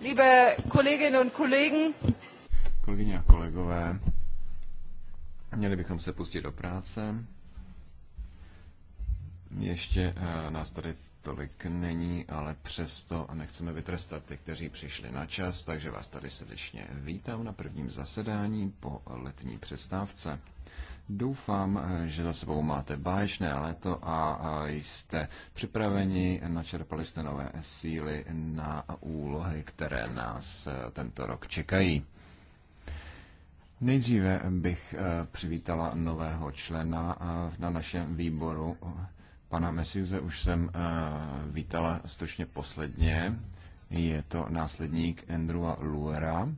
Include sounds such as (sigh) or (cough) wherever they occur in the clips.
Liebe Kolleginnen und Kollegen, kolegyně a kolegové, měli bychom se pustit do práce. Ještě eh, nás tady tolik není, ale přesto nechceme vytrestat ty, kteří přišli na čas, takže vás tady srdečně vítám na prvním zasedání po letní přestávce. Doufám, eh, že za sebou máte báječné léto a eh, jste připraveni, načerpali jste nové síly na úlohy, které nás eh, tento rok čekají. Nejdříve bych přivítala nového člena na našem výboru. Pana Mesiuze už jsem vítala stočně posledně. Je to následník Andrewa Luera,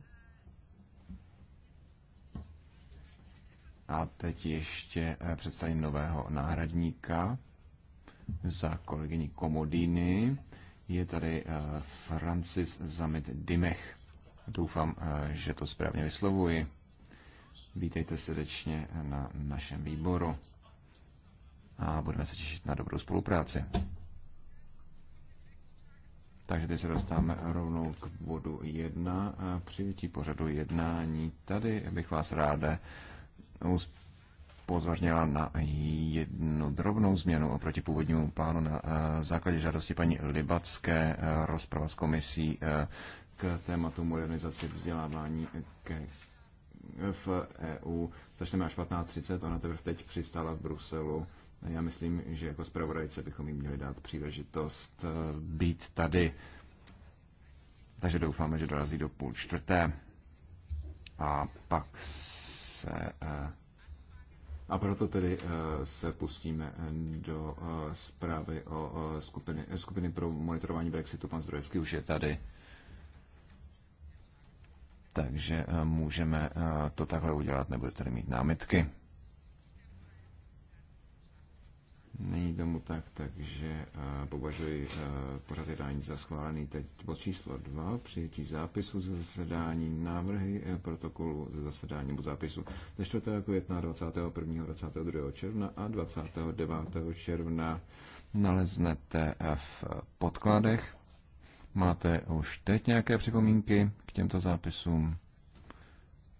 A teď ještě eh, představím nového náhradníka za kolegyni Komodiny. Je tady eh, Francis Zamit Dimech. Doufám, eh, že to správně vyslovuji. Vítejte srdečně na našem výboru a budeme se těšit na dobrou spolupráci. Takže teď se dostáváme rovnou k bodu 1 a přijetí pořadu jednání. Tady bych vás ráda pozornila na jednu drobnou změnu oproti původnímu plánu na eh, základě žádosti paní Libacké eh, rozprava s komisí eh, k tématu modernizaci vzdělávání ke v EU. Začneme až 15.30, ona teprve teď přistála v Bruselu. Já myslím, že jako zpravodajce bychom jim měli dát příležitost být tady. Takže doufáme, že dorazí do půl čtvrté. A pak se eh, a proto tedy eh, se pustíme do eh, zprávy o skupiny, skupiny pro monitorování Brexitu. Pan Zdrojevský už je tady. Takže můžeme to takhle udělat, nebudete tady mít námitky. Není tomu tak, takže eh, považuji eh, pořad jednání za schválený. Teď bod číslo 2, přijetí zápisu ze zasedání, návrhy eh, protokolu ze zasedání nebo zápisu ze 4. května, 21. 22. června a 29. června naleznete v podkladech. Máte už teď nějaké připomínky k těmto zápisům?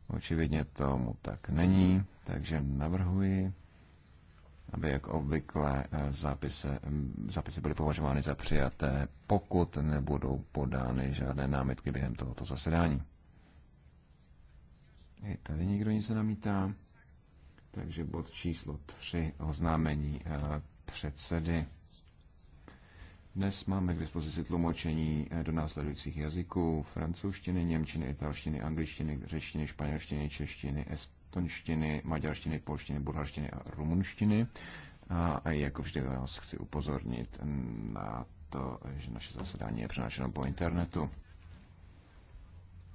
Očividně tomu tak není, takže navrhuji aby jak obvykle eh, zápise, zápisy byly považovány za přijaté, pokud nebudou podány žádné námitky během tohoto zasedání. I tady nikdo nic nenamítá, takže bod číslo 3, oznámení eh, předsedy. Dnes máme k dispozici tlumočení eh, do následujících jazyků francouzštiny, němčiny, italštiny, angličtiny, řečtiny, španělštiny, češtiny, est estonštiny, maďarštiny, polštiny, bulharštiny a rumunštiny. A jako vždy vás chci upozornit na to, že naše zasedání je přenášeno po internetu.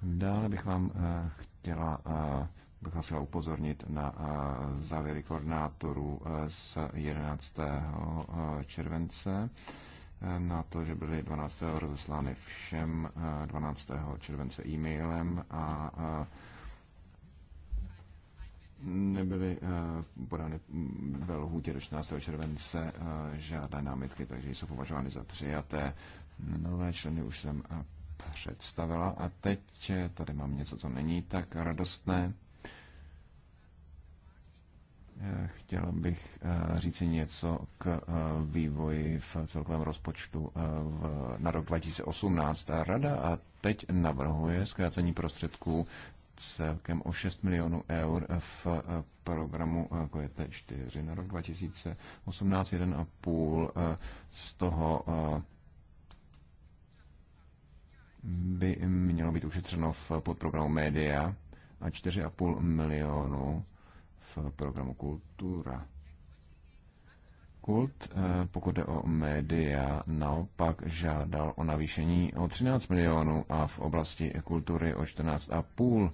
Dále bych vám eh, chtěla, eh, bych vás chtěla upozornit na eh, závěry koordinátorů z 11. července na to, že byly 12. rozeslány všem 12. července e-mailem a nebyly eh, podány ve lhůtě do 14. července eh, žádné námitky, takže jsou považovány za přijaté. Nové členy už jsem eh, představila a teď tady mám něco, co není tak radostné. Chtěl bych říci něco k vývoji v celkovém rozpočtu na rok 2018. Rada a teď navrhuje zkrácení prostředků celkem o 6 milionů eur v eh, programu QT4 eh, jako na rok 2018 1,5 eh, z toho by mělo být ušetřeno v podprogramu Média a 4,5 milionů v programu Kultura. Kult, pokud jde o média, naopak žádal o navýšení o 13 milionů a v oblasti kultury o 14,5.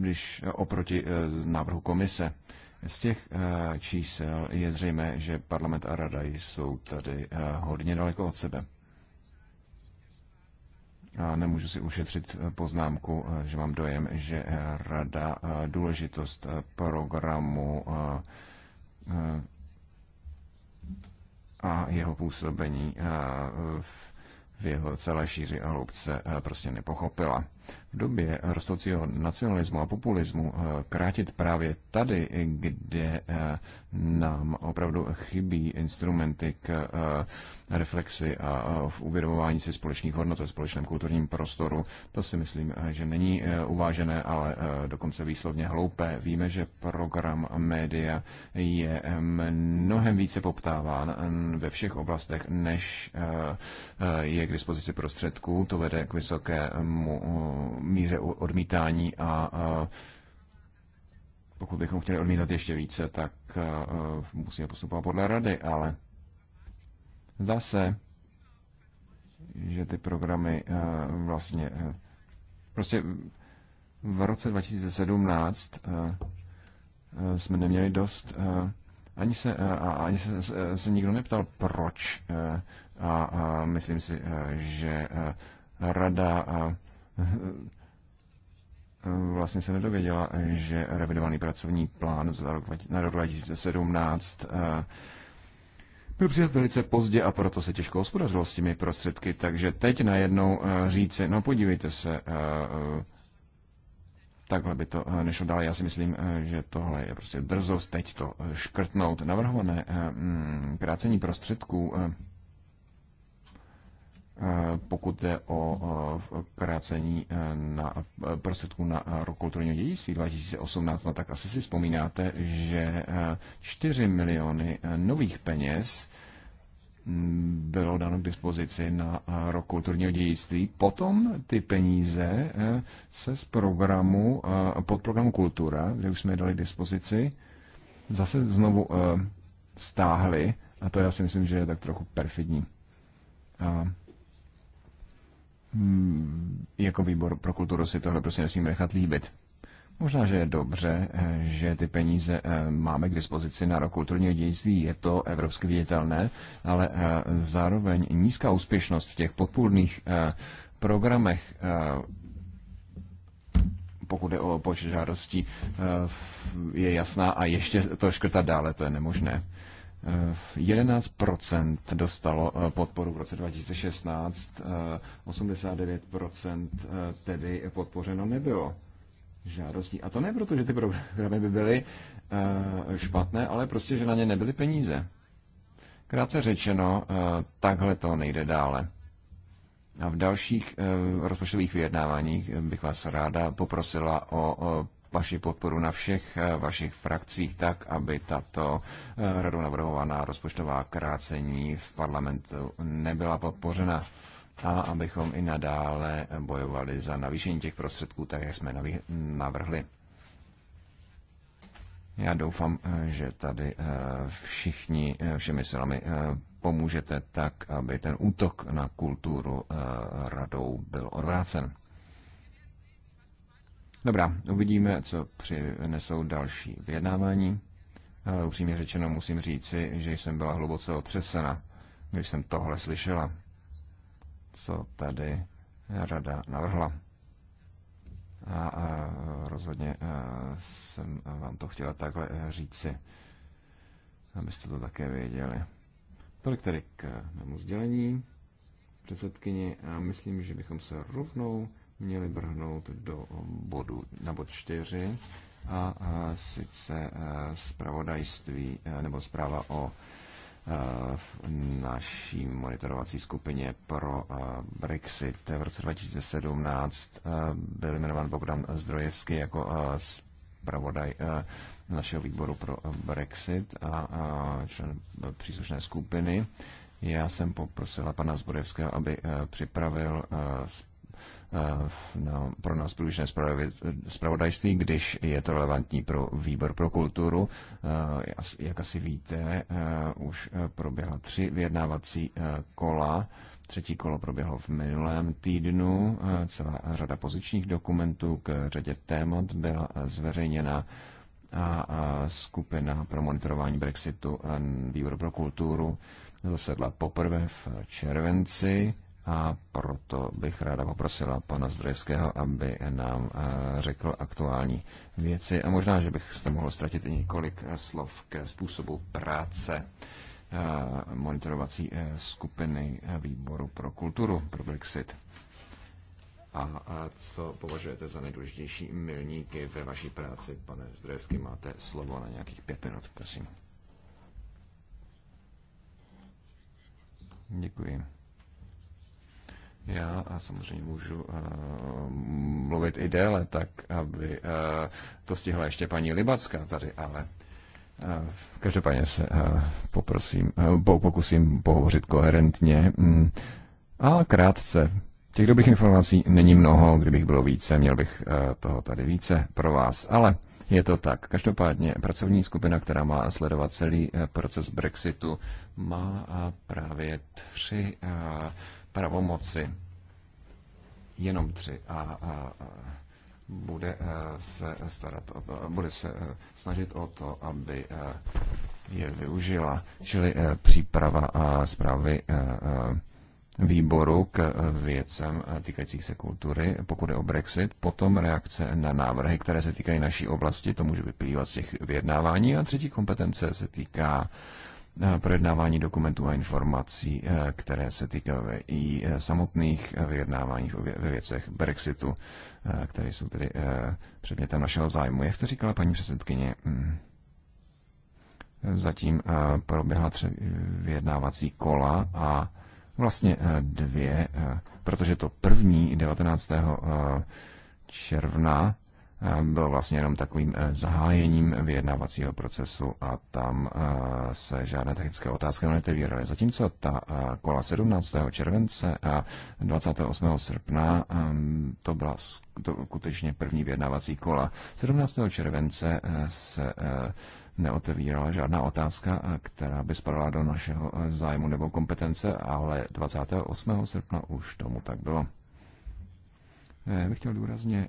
když eh, oproti eh, návrhu komise. Z těch eh, čísel je zřejmé, že parlament a rada jsou tady hodně daleko od sebe. A nemůžu si ušetřit poznámku, že mám dojem, že rada důležitost programu a jeho působení v jeho celé šíři a hloubce prostě nepochopila. V době rostoucího nacionalismu a populismu eh, krátit právě tady, kde eh, nám opravdu chybí instrumenty k eh, reflexi a v uvědomování si společných hodnot ve společném kulturním prostoru, to si myslím, že není uvážené, ale dokonce výslovně hloupé. Víme, že program média je mnohem více poptáván ve všech oblastech, než je k dispozici prostředků. To vede k vysokému míře odmítání a pokud bychom chtěli odmítat ještě více, tak musíme postupovat podle rady, ale zase, že ty programy vlastně prostě v roce 2017 jsme neměli dost ani se, ani se, se, nikdo neptal, proč. A, a myslím si, že rada Eh, vlastně se nedověděla, že revidovaný pracovní plán na rok 2017 eh, byl přijat velice pozdě a proto se těžko hospodařilo s těmi prostředky. Takže teď najednou eh, říci, no podívejte se, takhle by to nešlo dále. Já si myslím, že tohle je prostě drzost teď to škrtnout. Navrhované mm, krácení prostředků Eh, pokud jde o eh, krácení eh, na prostředku na rok kulturního dědictví 2018, no tak asi si vzpomínáte, že 4 miliony nových peněz mm, bylo dáno k dispozici na rok kulturního dějství. Potom ty peníze se z programu, pod programu Kultura, kde už jsme je dali k dispozici, zase znovu stáhly a to já si myslím, že je tak trochu perfidní. Hmm, jako výbor pro kulturu si tohle prostě nesmíme nechat líbit. Možná, že je dobře, eh, že ty peníze eh, máme k dispozici na rok kulturního dějství, je to evropsky viditelné, ale eh, zároveň nízká úspěšnost v těch podpůrných programech, pokud je o počet žádostí, je jasná a ještě to škrtat dále, to je nemožné. 11 dostalo eh, podporu v roce 2016, 89 eh, eh, tedy podpořeno nebylo žádostí. A to ne proto, že ty programy by byly špatné, ale prostě, že na ně nebyly peníze. Krátce řečeno, takhle to nejde dále. A v dalších rozpočtových vyjednáváních bych vás ráda poprosila o vaši podporu na všech eh, vašich frakcích tak, aby tato eh, radou navrhovaná rozpočtová krácení v parlamentu nebyla podpořena a abychom i nadále bojovali za navýšení těch prostředků, tak jak jsme navrhli. Já doufám, eh, že tady všichni všemi silami pomůžete tak, aby ten útok na kulturu radou byl odvrácen. Dobrá, uvidíme, co přinesou další vyjednávání. Ale upřímně řečeno musím říci, že jsem byla hluboce otřesena, když jsem tohle slyšela, co tady rada navrhla. A, a rozhodně a, jsem vám to chtěla takhle říci, abyste to také věděli. Tolik tedy k mému sdělení předsedkyni a myslím, že bychom se rovnou měli brhnout do bodu na bod 4 a, a sice e, zpravodajství e, nebo zpráva o e, v naší monitorovací skupině pro Brexit v roce 2017 byl jmenován Bogdan Zdrojevský jako zpravodaj našeho výboru pro Brexit a člen příslušné skupiny. Já jsem poprosila pana Zborevského, aby připravil Eh, na, pro nás průběžné spravodajství, když je to relevantní pro výbor pro kulturu. Eh, jak asi víte, eh, už proběhla tři vyjednávací kola. Třetí kolo proběhlo v minulém týdnu. Celá řada pozičních dokumentů k řadě témat byla zveřejněna a skupina pro monitorování Brexitu a výboru pro kulturu zasedla poprvé v červenci a proto bych ráda poprosila pana Zdrojevského, aby nám eh, řekl aktuální věci a možná, že bych jste mohl ztratit i několik eh, slov ke způsobu práce eh, monitorovací skupiny výboru pro kulturu pro Brexit. A co považujete za nejdůležitější milníky ve vaší práci, pane Zdrojevský? Máte slovo na nějakých pět minut, prosím. Děkuji. Já a samozřejmě můžu uh, mluvit i déle, tak aby uh, to stihla ještě paní Libacká tady, ale uh, každopádně se uh, poprosím, uh, pokusím pohovořit koherentně mm, a krátce. Těch dobrých informací není mnoho, kdybych bylo více, měl bych uh, toho tady více pro vás, ale je to tak. Každopádně pracovní skupina, která má sledovat celý eh, proces Brexitu, má eh, právě tři eh, pravomoci. Jenom tři. A, bude se starat o to, bude se snažit o to, aby je využila, čili příprava a zprávy výboru k věcem týkajících se kultury, pokud je o Brexit, potom reakce na návrhy, které se týkají naší oblasti, to může vyplývat z těch vyjednávání a třetí kompetence se týká eh, projednávání dokumentů a informací, eh, které se týkají i eh, samotných vyjednávání ve věcech Brexitu, které jsou tedy předmětem našeho zájmu. Jak to říkala paní předsedkyně, hm, zatím proběhla tři vyjednávací kola a Vlastně eh, dvě, eh, protože to první 19. Eh, června bylo vlastně jenom takovým zahájením vyjednávacího procesu a tam se žádné technické otázky neotevíraly. Zatímco ta kola 17. července a 28. srpna to byla skutečně první vyjednávací kola. 17. července se neotevírala žádná otázka, eh, která by spadala do našeho eh, zájmu nebo kompetence, ale 28. srpna už tomu tak bylo. Já eh, bych chtěl důrazně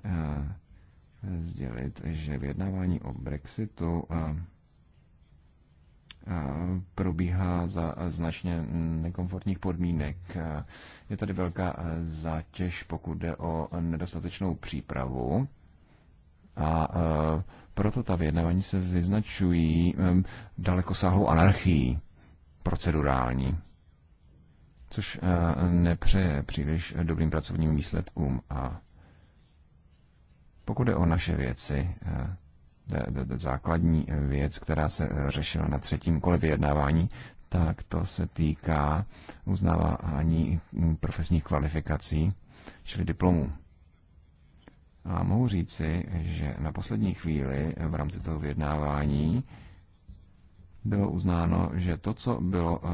sdělit, že vyjednávání o Brexitu probíhá za značně nekomfortních podmínek. Je tady velká zátěž, pokud jde o nedostatečnou přípravu a proto ta vyjednávání se vyznačují sáhlou anarchií procedurální, což eh, nepřeje příliš dobrým pracovním výsledkům a pokud je o naše věci, eh, základní věc, která se řešila na třetím kole vyjednávání, tak to se týká uznávání profesních kvalifikací, čili diplomů. A mohu říci, že na poslední chvíli v rámci toho vyjednávání bylo uznáno, že to, co bylo eh,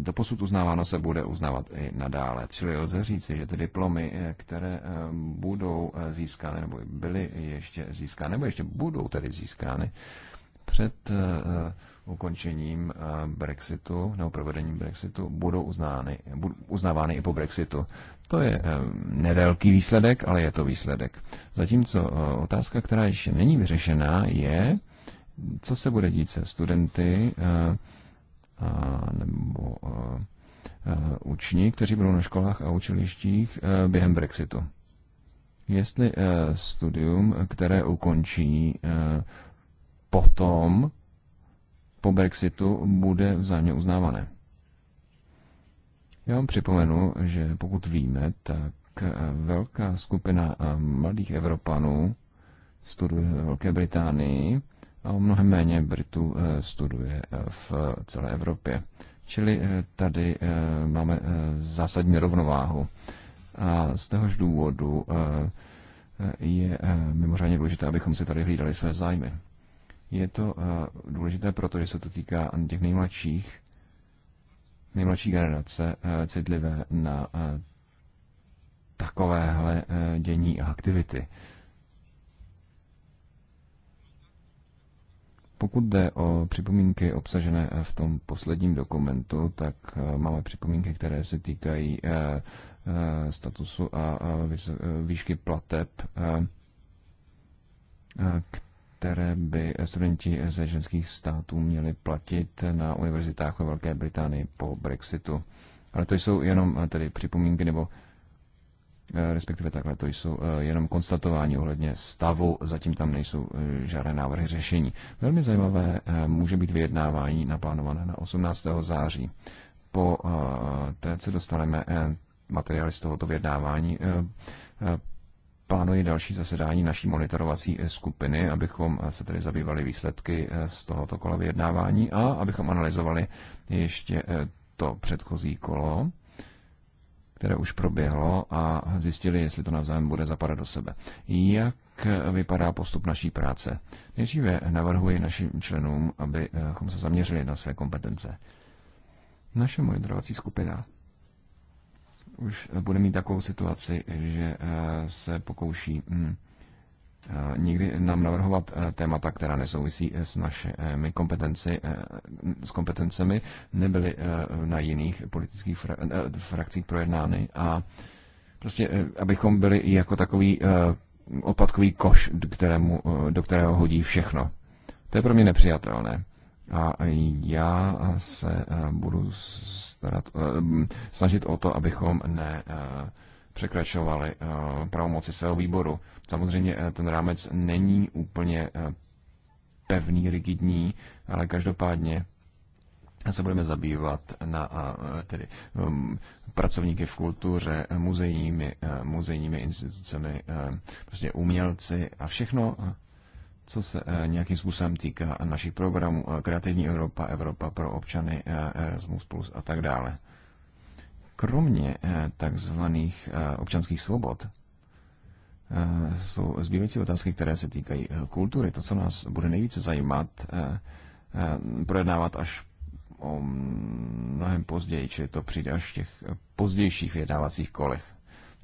doposud uznáváno, se bude uznávat i nadále. Čili lze říci, že ty diplomy, eh, které eh, budou získány, nebo byly ještě získány, nebo ještě budou tedy získány před ukončením eh, Brexitu nebo provedením Brexitu budou uznány, budou uznávány i po Brexitu. To je eh, nevelký výsledek, ale je to výsledek. Zatímco eh, otázka, která ještě není vyřešená, je, co se bude dít se studenty nebo uční, kteří budou na školách a učilištích během Brexitu. Jestli studium, které ukončí potom po Brexitu bude vzájemně uznávané. Já vám připomenu, že pokud víme, tak eh, velká skupina eh, mladých Evropanů studuje v Velké Británii a o mnohem méně Britů eh, studuje v celé Evropě. Čili tady máme zásadní rovnováhu. A z téhož důvodu je mimořádně důležité, abychom si tady hlídali své zájmy. Je to eh, důležité proto, že se to týká těch nejmladších, nejmladší generace eh, citlivé na eh, takovéhle dění a aktivity. Pokud jde o připomínky obsažené v tom posledním dokumentu, tak máme připomínky, které se týkají statusu a výšky plateb, které by studenti ze ženských států měli platit na univerzitách ve Velké Británii po Brexitu. Ale to jsou jenom eh, tedy připomínky nebo eh, respektive takhle, to jsou eh, jenom konstatování ohledně stavu, zatím tam nejsou žádné návrhy řešení. Velmi zajímavé může být vyjednávání naplánované na 18. září. Po té, co dostaneme materiály z tohoto vyjednávání, plánuji další zasedání naší monitorovací skupiny, abychom se tedy zabývali výsledky eh, z tohoto kola vyjednávání a abychom analyzovali ještě eh, to předchozí kolo, které už proběhlo a zjistili, jestli to navzájem bude zapadat do sebe. Jak eh, vypadá postup naší práce? Nejdříve navrhuji našim členům, abychom se zaměřili na své kompetence. Naše monitorovací skupina už bude mít takovou situaci, že eh, se pokouší hm, eh, někdy nám navrhovat eh, témata, která nesouvisí s našimi kompetenci, s kompetencemi, nebyly na jiných politických frakcích projednány a prostě, abychom byli jako takový opatkový koš, do, kterému, do kterého hodí všechno. To je pro mě nepřijatelné. A já se budu starat, eh, snažit o to, abychom ne eh, překračovali eh, pravomoci svého výboru. Samozřejmě ten rámec není úplně pevný, rigidní, ale každopádně se budeme zabývat na tedy, mm, pracovníky v kultuře, muzejními, muzejními institucemi, prostě umělci a všechno co se eh, nějakým způsobem týká našich programů eh, Kreativní Evropa, Evropa pro občany, eh, Erasmus Plus a tak dále. Kromě takzvaných občanských svobod jsou zbývající otázky, které se týkají kultury. To, co nás bude nejvíce zajímat, projednávat až o mnohem později, čili to přijde až v těch pozdějších vyjednávacích kolech,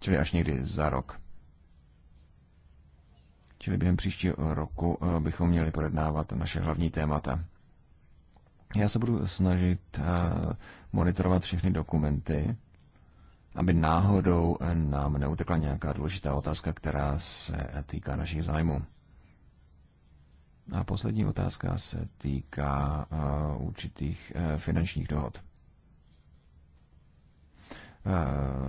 čili až někdy za rok. Čili během příštího roku eh, bychom měli projednávat naše hlavní témata. Já se budu snažit eh, monitorovat všechny dokumenty, aby náhodou eh, nám neutekla nějaká důležitá otázka, která se týká našich zájmů. A poslední otázka se týká určitých finančních dohod.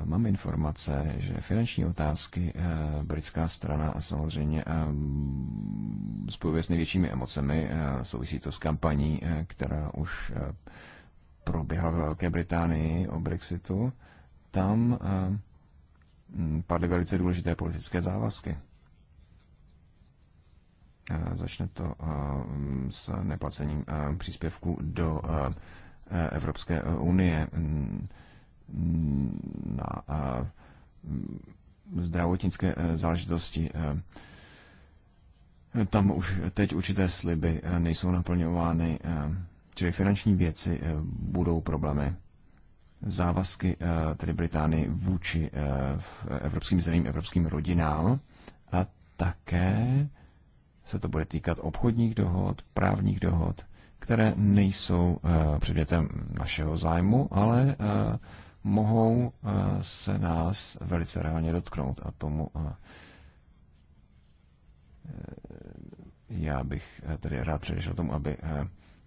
Mám informace, že finanční otázky eh, britská strana samozřejmě eh, spojuje s největšími emocemi. Eh, souvisí to s kampaní, která už proběhla ve Velké Británii o Brexitu. Tam hm, padly velice důležité politické závazky. Začne to s neplacením příspěvků do Evropské unie hm, na mm, zdravotnické e, záležitosti. E, tam už teď určité sliby e, nejsou naplňovány, čili finanční věci budou problémy. Závazky tedy Británii vůči evropským zemím, evropským rodinám a také se to bude týkat obchodních dohod, právních dohod, které nejsou předmětem našeho zájmu, ale mohou eh, se nás velice reálně dotknout a tomu eh, eh, já bych tedy rád předešel tomu, aby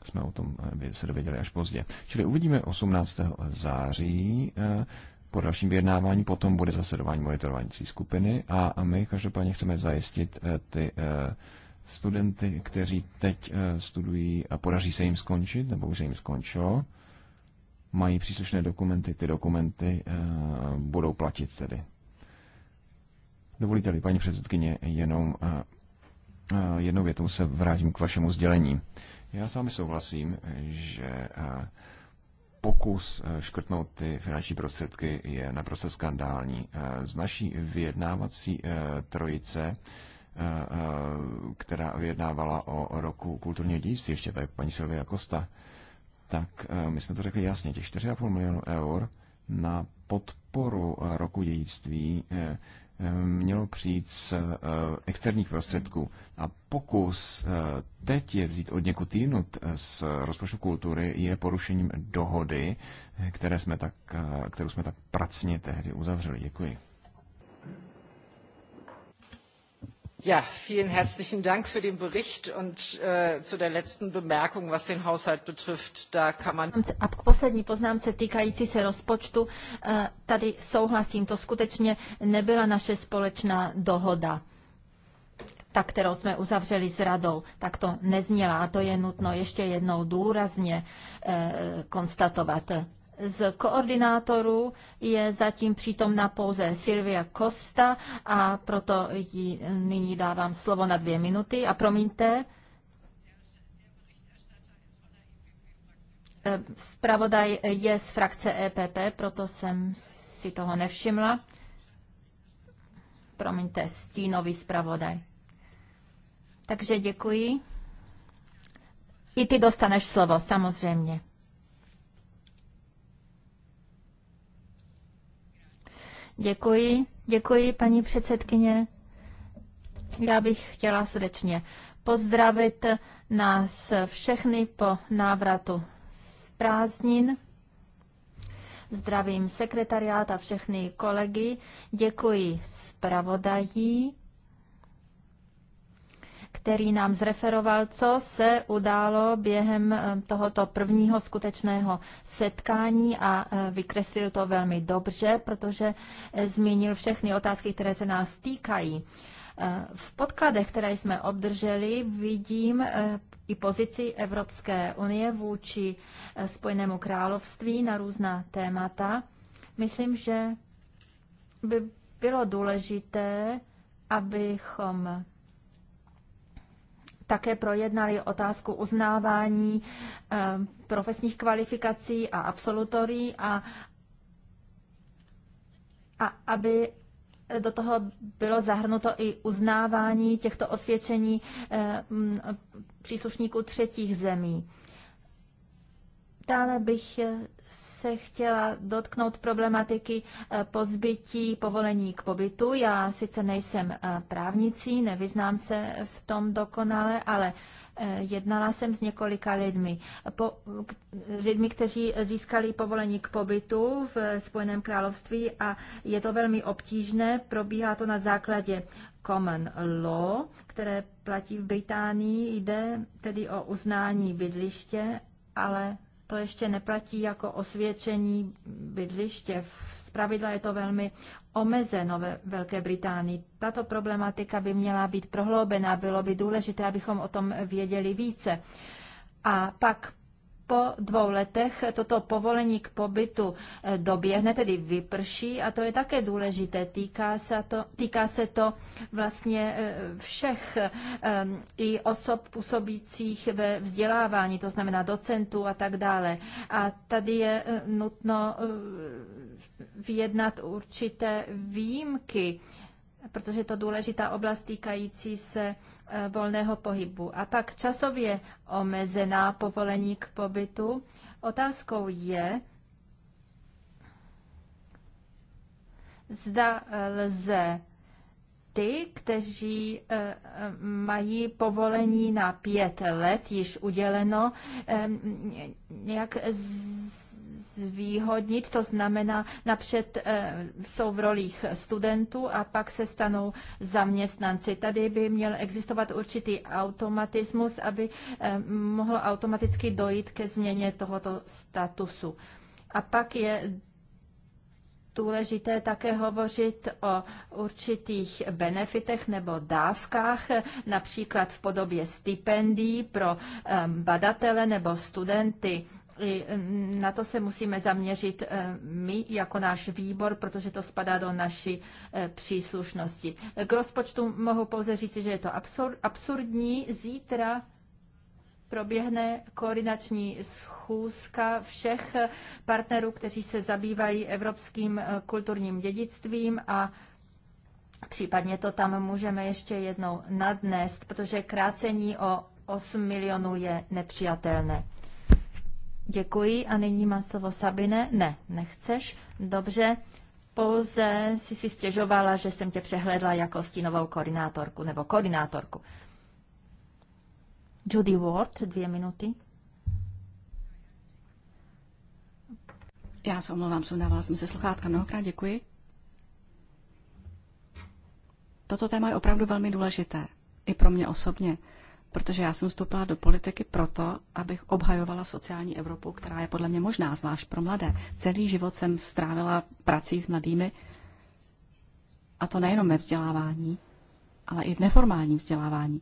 jsme o tom se dověděli až pozdě. Čili uvidíme 18. září po dalším vyjednávání, potom bude zasedování monitorovací skupiny a my každopádně chceme zajistit ty studenty, kteří teď studují a podaří se jim skončit, nebo už se jim skončilo, mají příslušné dokumenty, ty dokumenty eh, budou platit tedy. Dovolíte-li, paní předsedkyně, jenom eh, eh, jednou větou se vrátím k vašemu sdělení. Já s vámi souhlasím, že pokus škrtnout ty finanční prostředky je naprosto skandální. Z naší vyjednávací trojice, která vyjednávala o roku kulturního dějství, ještě tady paní Silvia Kosta, tak eh, my jsme to řekli jasně, těch 4,5 milionů eur na podporu eh, roku dědictví eh, mělo přijít z externích prostředků. A pokus teď je vzít od někud jinut z rozpočtu kultury je porušením dohody, které jsme tak, kterou jsme tak pracně tehdy uzavřeli. Děkuji. Ja, vielen herzlichen Dank für den Bericht und äh, zu der letzten Bemerkung, was den Haushalt betrifft, da kann man... A k poslední poznámce týkající se rozpočtu, eh, tady souhlasím, to skutečně nebyla naše společná dohoda ta, kterou jsme uzavřeli s radou, tak to nezněla a to je nutno ještě jednou důrazně e, konstatovat z koordinátorů je zatím přítomna pouze Silvia Costa a proto ji nyní dávám slovo na dvě minuty. A promiňte, zpravodaj je z frakce EPP, proto jsem si toho nevšimla. Promiňte, stínový zpravodaj. Takže děkuji. I ty dostaneš slovo, samozřejmě. Děkuji, děkuji paní předsedkyně. Já bych chtěla srdečně pozdravit nás všechny po návratu z prázdnin. Zdravím sekretariát a všechny kolegy. Děkuji zpravodají který nám zreferoval, co se událo během eh, tohoto prvního skutečného setkání a eh, vykreslil to velmi dobře, protože eh, zmínil všechny otázky, které se nás týkají. V podkladech, které jsme obdrželi, vidím i pozici Evropské unie vůči Spojenému království na různá témata. Myslím, že by bylo důležité, abychom také projednali otázku uznávání eh, profesních kvalifikací a absolutorí a, a aby do toho bylo zahrnuto i uznávání těchto osvědčení eh, příslušníků třetích zemí. Dále bych eh, se chtěla dotknout problematiky eh, pozbytí povolení k pobytu. Já sice nejsem eh, právnicí, nevyznám se v tom dokonale, ale eh, jednala jsem s několika lidmi. Po, k, lidmi, kteří získali povolení k pobytu v Spojeném království a je to velmi obtížné. Probíhá to na základě common law, které platí v Británii. Jde tedy o uznání bydliště, ale to ještě neplatí jako osvědčení bydliště. Zpravidla je to velmi omezeno ve Velké Británii. Tato problematika by měla být prohloubená, bylo by důležité, abychom o tom věděli více. A pak po dvou letech toto povolení k pobytu eh, doběhne, tedy vyprší a to je také důležité. Týká se to, týká se to vlastně eh, všech eh, i osob působících ve vzdělávání, to znamená docentů a tak dále. A tady je nutno vyjednat určité výjimky protože je to důležitá oblast týkající se eh, volného pohybu. A pak časově omezená povolení k pobytu. Otázkou je, zda eh, lze ty, kteří eh, mají povolení na pět let již uděleno, nějak z zvýhodnit, to znamená, napřed eh, jsou v rolích studentů a pak se stanou zaměstnanci. Tady by měl existovat určitý automatismus, aby eh, mohlo automaticky dojít ke změně tohoto statusu. A pak je důležité také hovořit o určitých benefitech nebo dávkách, například v podobě stipendií pro eh, badatele nebo studenty i na to se musíme zaměřit my jako náš výbor, protože to spadá do naší příslušnosti. K rozpočtu mohu pouze říci, že je to absurdní. Zítra proběhne koordinační schůzka všech partnerů, kteří se zabývají evropským eh, kulturním dědictvím a případně to tam můžeme ještě jednou nadnést, protože krácení o 8 milionů je nepřijatelné. Děkuji a nyní má slovo Sabine. Ne, nechceš. Dobře. Pouze si si stěžovala, že jsem tě přehledla jako stínovou koordinátorku nebo koordinátorku. Judy Ward, dvě minuty. Já se omlouvám, sundávala jsem se sluchátka. Mnohokrát děkuji. Toto téma je opravdu velmi důležité. I pro mě osobně protože já jsem vstoupila do politiky proto, abych obhajovala sociální Evropu, která je podle mě možná, zvlášť pro mladé. Celý život jsem strávila prací s mladými, a to nejenom ve vzdělávání, ale i v neformálním vzdělávání.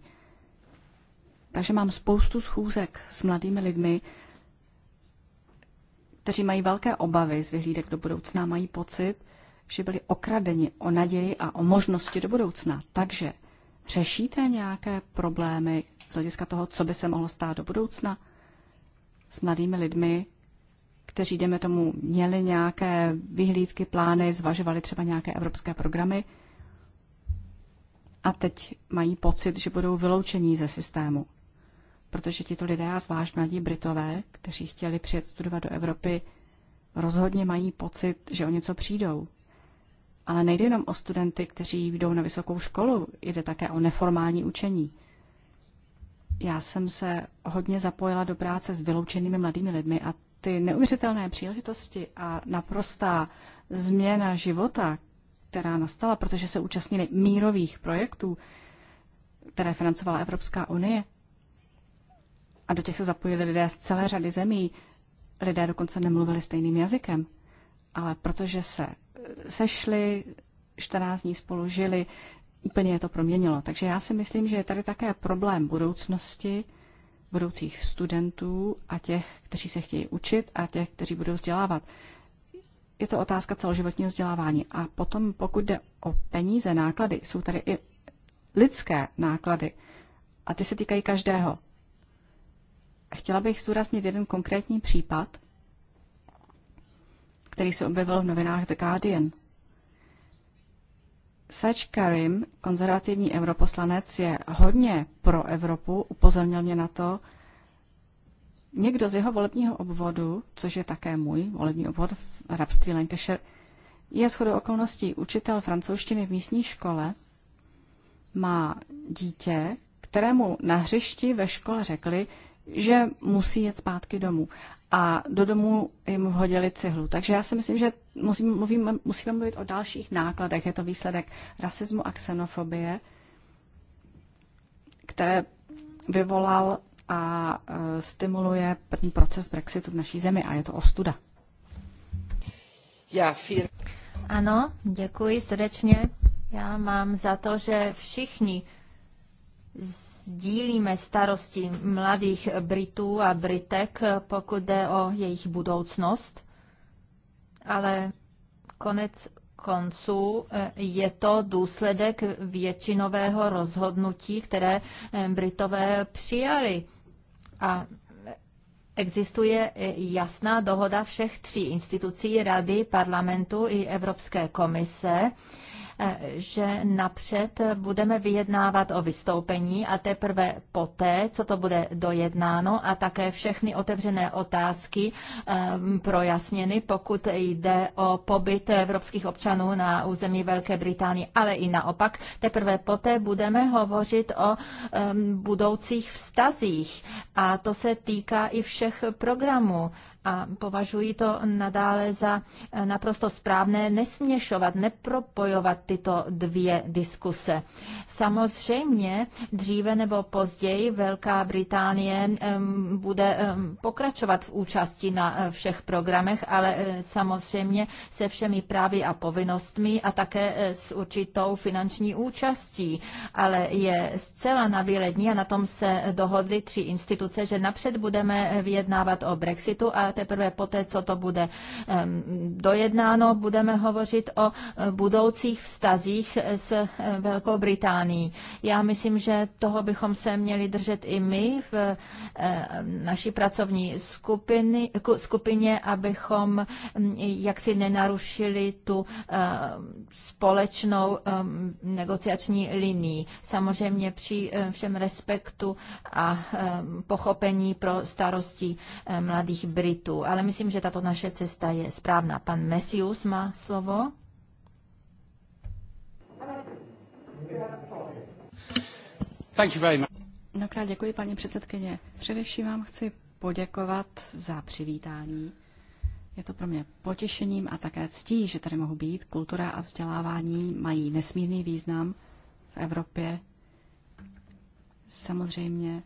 Takže mám spoustu schůzek s mladými lidmi, kteří mají velké obavy z vyhlídek do budoucna, mají pocit, že byli okradeni o naději a o možnosti do budoucna. Takže řešíte nějaké problémy, z hlediska toho, co by se mohlo stát do budoucna s mladými lidmi, kteří, jdeme tomu, měli nějaké vyhlídky, plány, zvažovali třeba nějaké evropské programy a teď mají pocit, že budou vyloučení ze systému. Protože tito lidé, a zvlášť mladí Britové, kteří chtěli přijet studovat do Evropy, rozhodně mají pocit, že o něco přijdou. Ale nejde jenom o studenty, kteří jdou na vysokou školu, jde také o neformální učení. Já jsem se hodně zapojila do práce s vyloučenými mladými lidmi a ty neuvěřitelné příležitosti a naprostá změna života, která nastala, protože se účastnili mírových projektů, které financovala Evropská unie, a do těch se zapojili lidé z celé řady zemí, lidé dokonce nemluvili stejným jazykem, ale protože se sešli, 14 dní spolu žili, úplně je to proměnilo. Takže já si myslím, že je tady také problém budoucnosti, budoucích studentů a těch, kteří se chtějí učit a těch, kteří budou vzdělávat. Je to otázka celoživotního vzdělávání. A potom, pokud jde o peníze, náklady, jsou tady i lidské náklady. A ty se týkají každého. Chtěla bych zúraznit jeden konkrétní případ, který se objevil v novinách The Guardian – Sač Karim, konzervativní europoslanec, je hodně pro Evropu, upozornil mě na to. Někdo z jeho volebního obvodu, což je také můj volební obvod v rabství Lancashire, je shodou okolností učitel francouzštiny v místní škole, má dítě, kterému na hřišti ve škole řekli, že musí jet zpátky domů a do domu jim hodili cihlu. Takže já si myslím, že musím, mluvím, musíme mluvit o dalších nákladech. Je to výsledek rasismu a xenofobie, které vyvolal a e, stimuluje první proces Brexitu v naší zemi a je to ostuda. Já, fír. Ano, děkuji srdečně. Já mám za to, že všichni sdílíme starosti mladých Britů a Britek, pokud jde o jejich budoucnost, ale konec konců eh, je to důsledek většinového rozhodnutí, které eh, Britové přijali. A Existuje eh, jasná dohoda všech tří institucí, Rady, parlamentu i Evropské komise, že napřed budeme vyjednávat o vystoupení a teprve poté, co to bude dojednáno a také všechny otevřené otázky ehm, projasněny, pokud jde o pobyt evropských občanů na území Velké Británie, ale i naopak, teprve poté budeme hovořit o ehm, budoucích vztazích a to se týká i všech programů a považuji to nadále za eh, naprosto správné nesměšovat, nepropojovat tyto dvě diskuse. Samozřejmě dříve nebo později Velká Británie bude pokračovat v účasti na eh, všech programech, ale eh, samozřejmě se všemi právy a povinnostmi a také s určitou finanční účastí. Ale je zcela na a na tom se dohodly tři instituce, že napřed budeme vyjednávat o Brexitu a teprve poté, co to bude dojednáno, budeme hovořit o eh, budoucích vztazích s eh, Velkou Británií. Já myslím, že toho bychom se měli držet i my v eh, naší pracovní skupiny, skupině, abychom mm, jaksi nenarušili tu společnou negociační linii. Samozřejmě při všem respektu a pochopení pro starosti mladých Britů jezuitů, ale myslím, že tato naše cesta je správná. Pan Messius má slovo. Thank you very much. Mnohokrát děkuji, paní předsedkyně. Především vám chci poděkovat za přivítání. Je to pro mě potěšením a také ctí, že tady mohu být. Kultura a vzdělávání mají nesmírný význam v Evropě. Samozřejmě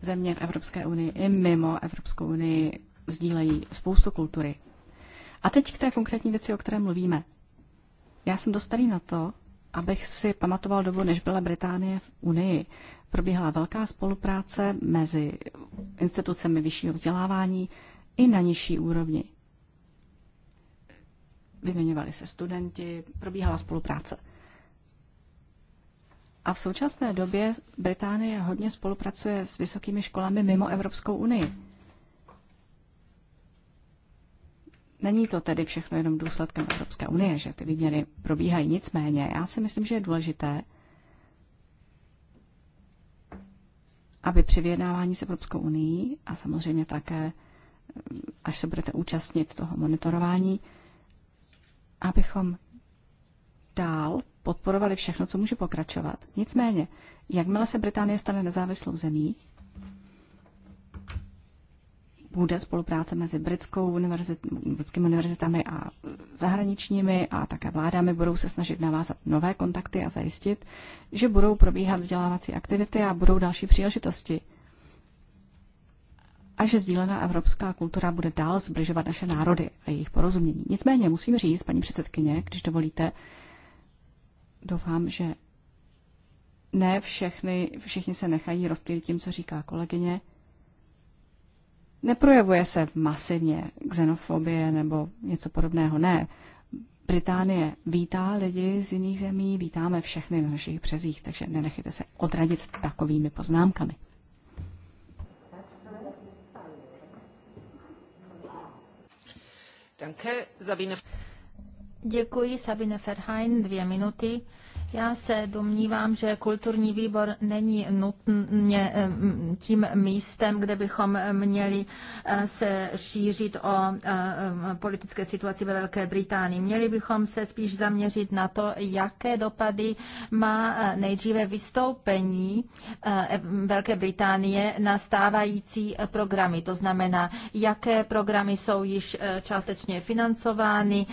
země v Evropské unii i mimo Evropskou unii sdílejí spoustu kultury. A teď k té konkrétní věci, o které mluvíme. Já jsem dostalý na to, abych si pamatoval dobu, než byla Británie v Unii. Probíhala velká spolupráce mezi institucemi vyššího vzdělávání i na nižší úrovni. Vyměňovali se studenti, probíhala spolupráce. A v současné době Británie hodně spolupracuje s vysokými školami mimo Evropskou unii. Není to tedy všechno jenom důsledkem Evropské unie, že ty výměny probíhají. Nicméně, já si myslím, že je důležité, aby při vyjednávání s Evropskou unii a samozřejmě také, eh, až se budete účastnit toho monitorování, abychom dál podporovali všechno, co může pokračovat. Nicméně, jakmile se Británie stane nezávislou zemí, bude spolupráce mezi britskou univerzit, britskými univerzitami a zahraničními a také vládami budou se snažit navázat nové kontakty a zajistit, že budou probíhat vzdělávací aktivity a budou další příležitosti. A že sdílená evropská kultura bude dál zbližovat naše národy a jejich porozumění. Nicméně musím říct, paní předsedkyně, když dovolíte, doufám, že ne všechny, všichni se nechají rozptýlit tím, co říká kolegyně Neprojevuje se masivně xenofobie nebo něco podobného, ne. Británie vítá lidi z jiných zemí, vítáme všechny na našich březích, takže nenechejte se odradit takovými poznámkami. Děkuji, Sabine Ferhain dvě minuty. Já se domnívám, že kulturní výbor není nutně tím místem, kde bychom měli eh, se šířit o eh, politické situaci ve Velké Británii. Měli bychom se spíš zaměřit na to, jaké dopady má eh, nejdříve vystoupení Velké Británie na stávající programy. To znamená, jaké programy jsou již částečně financovány,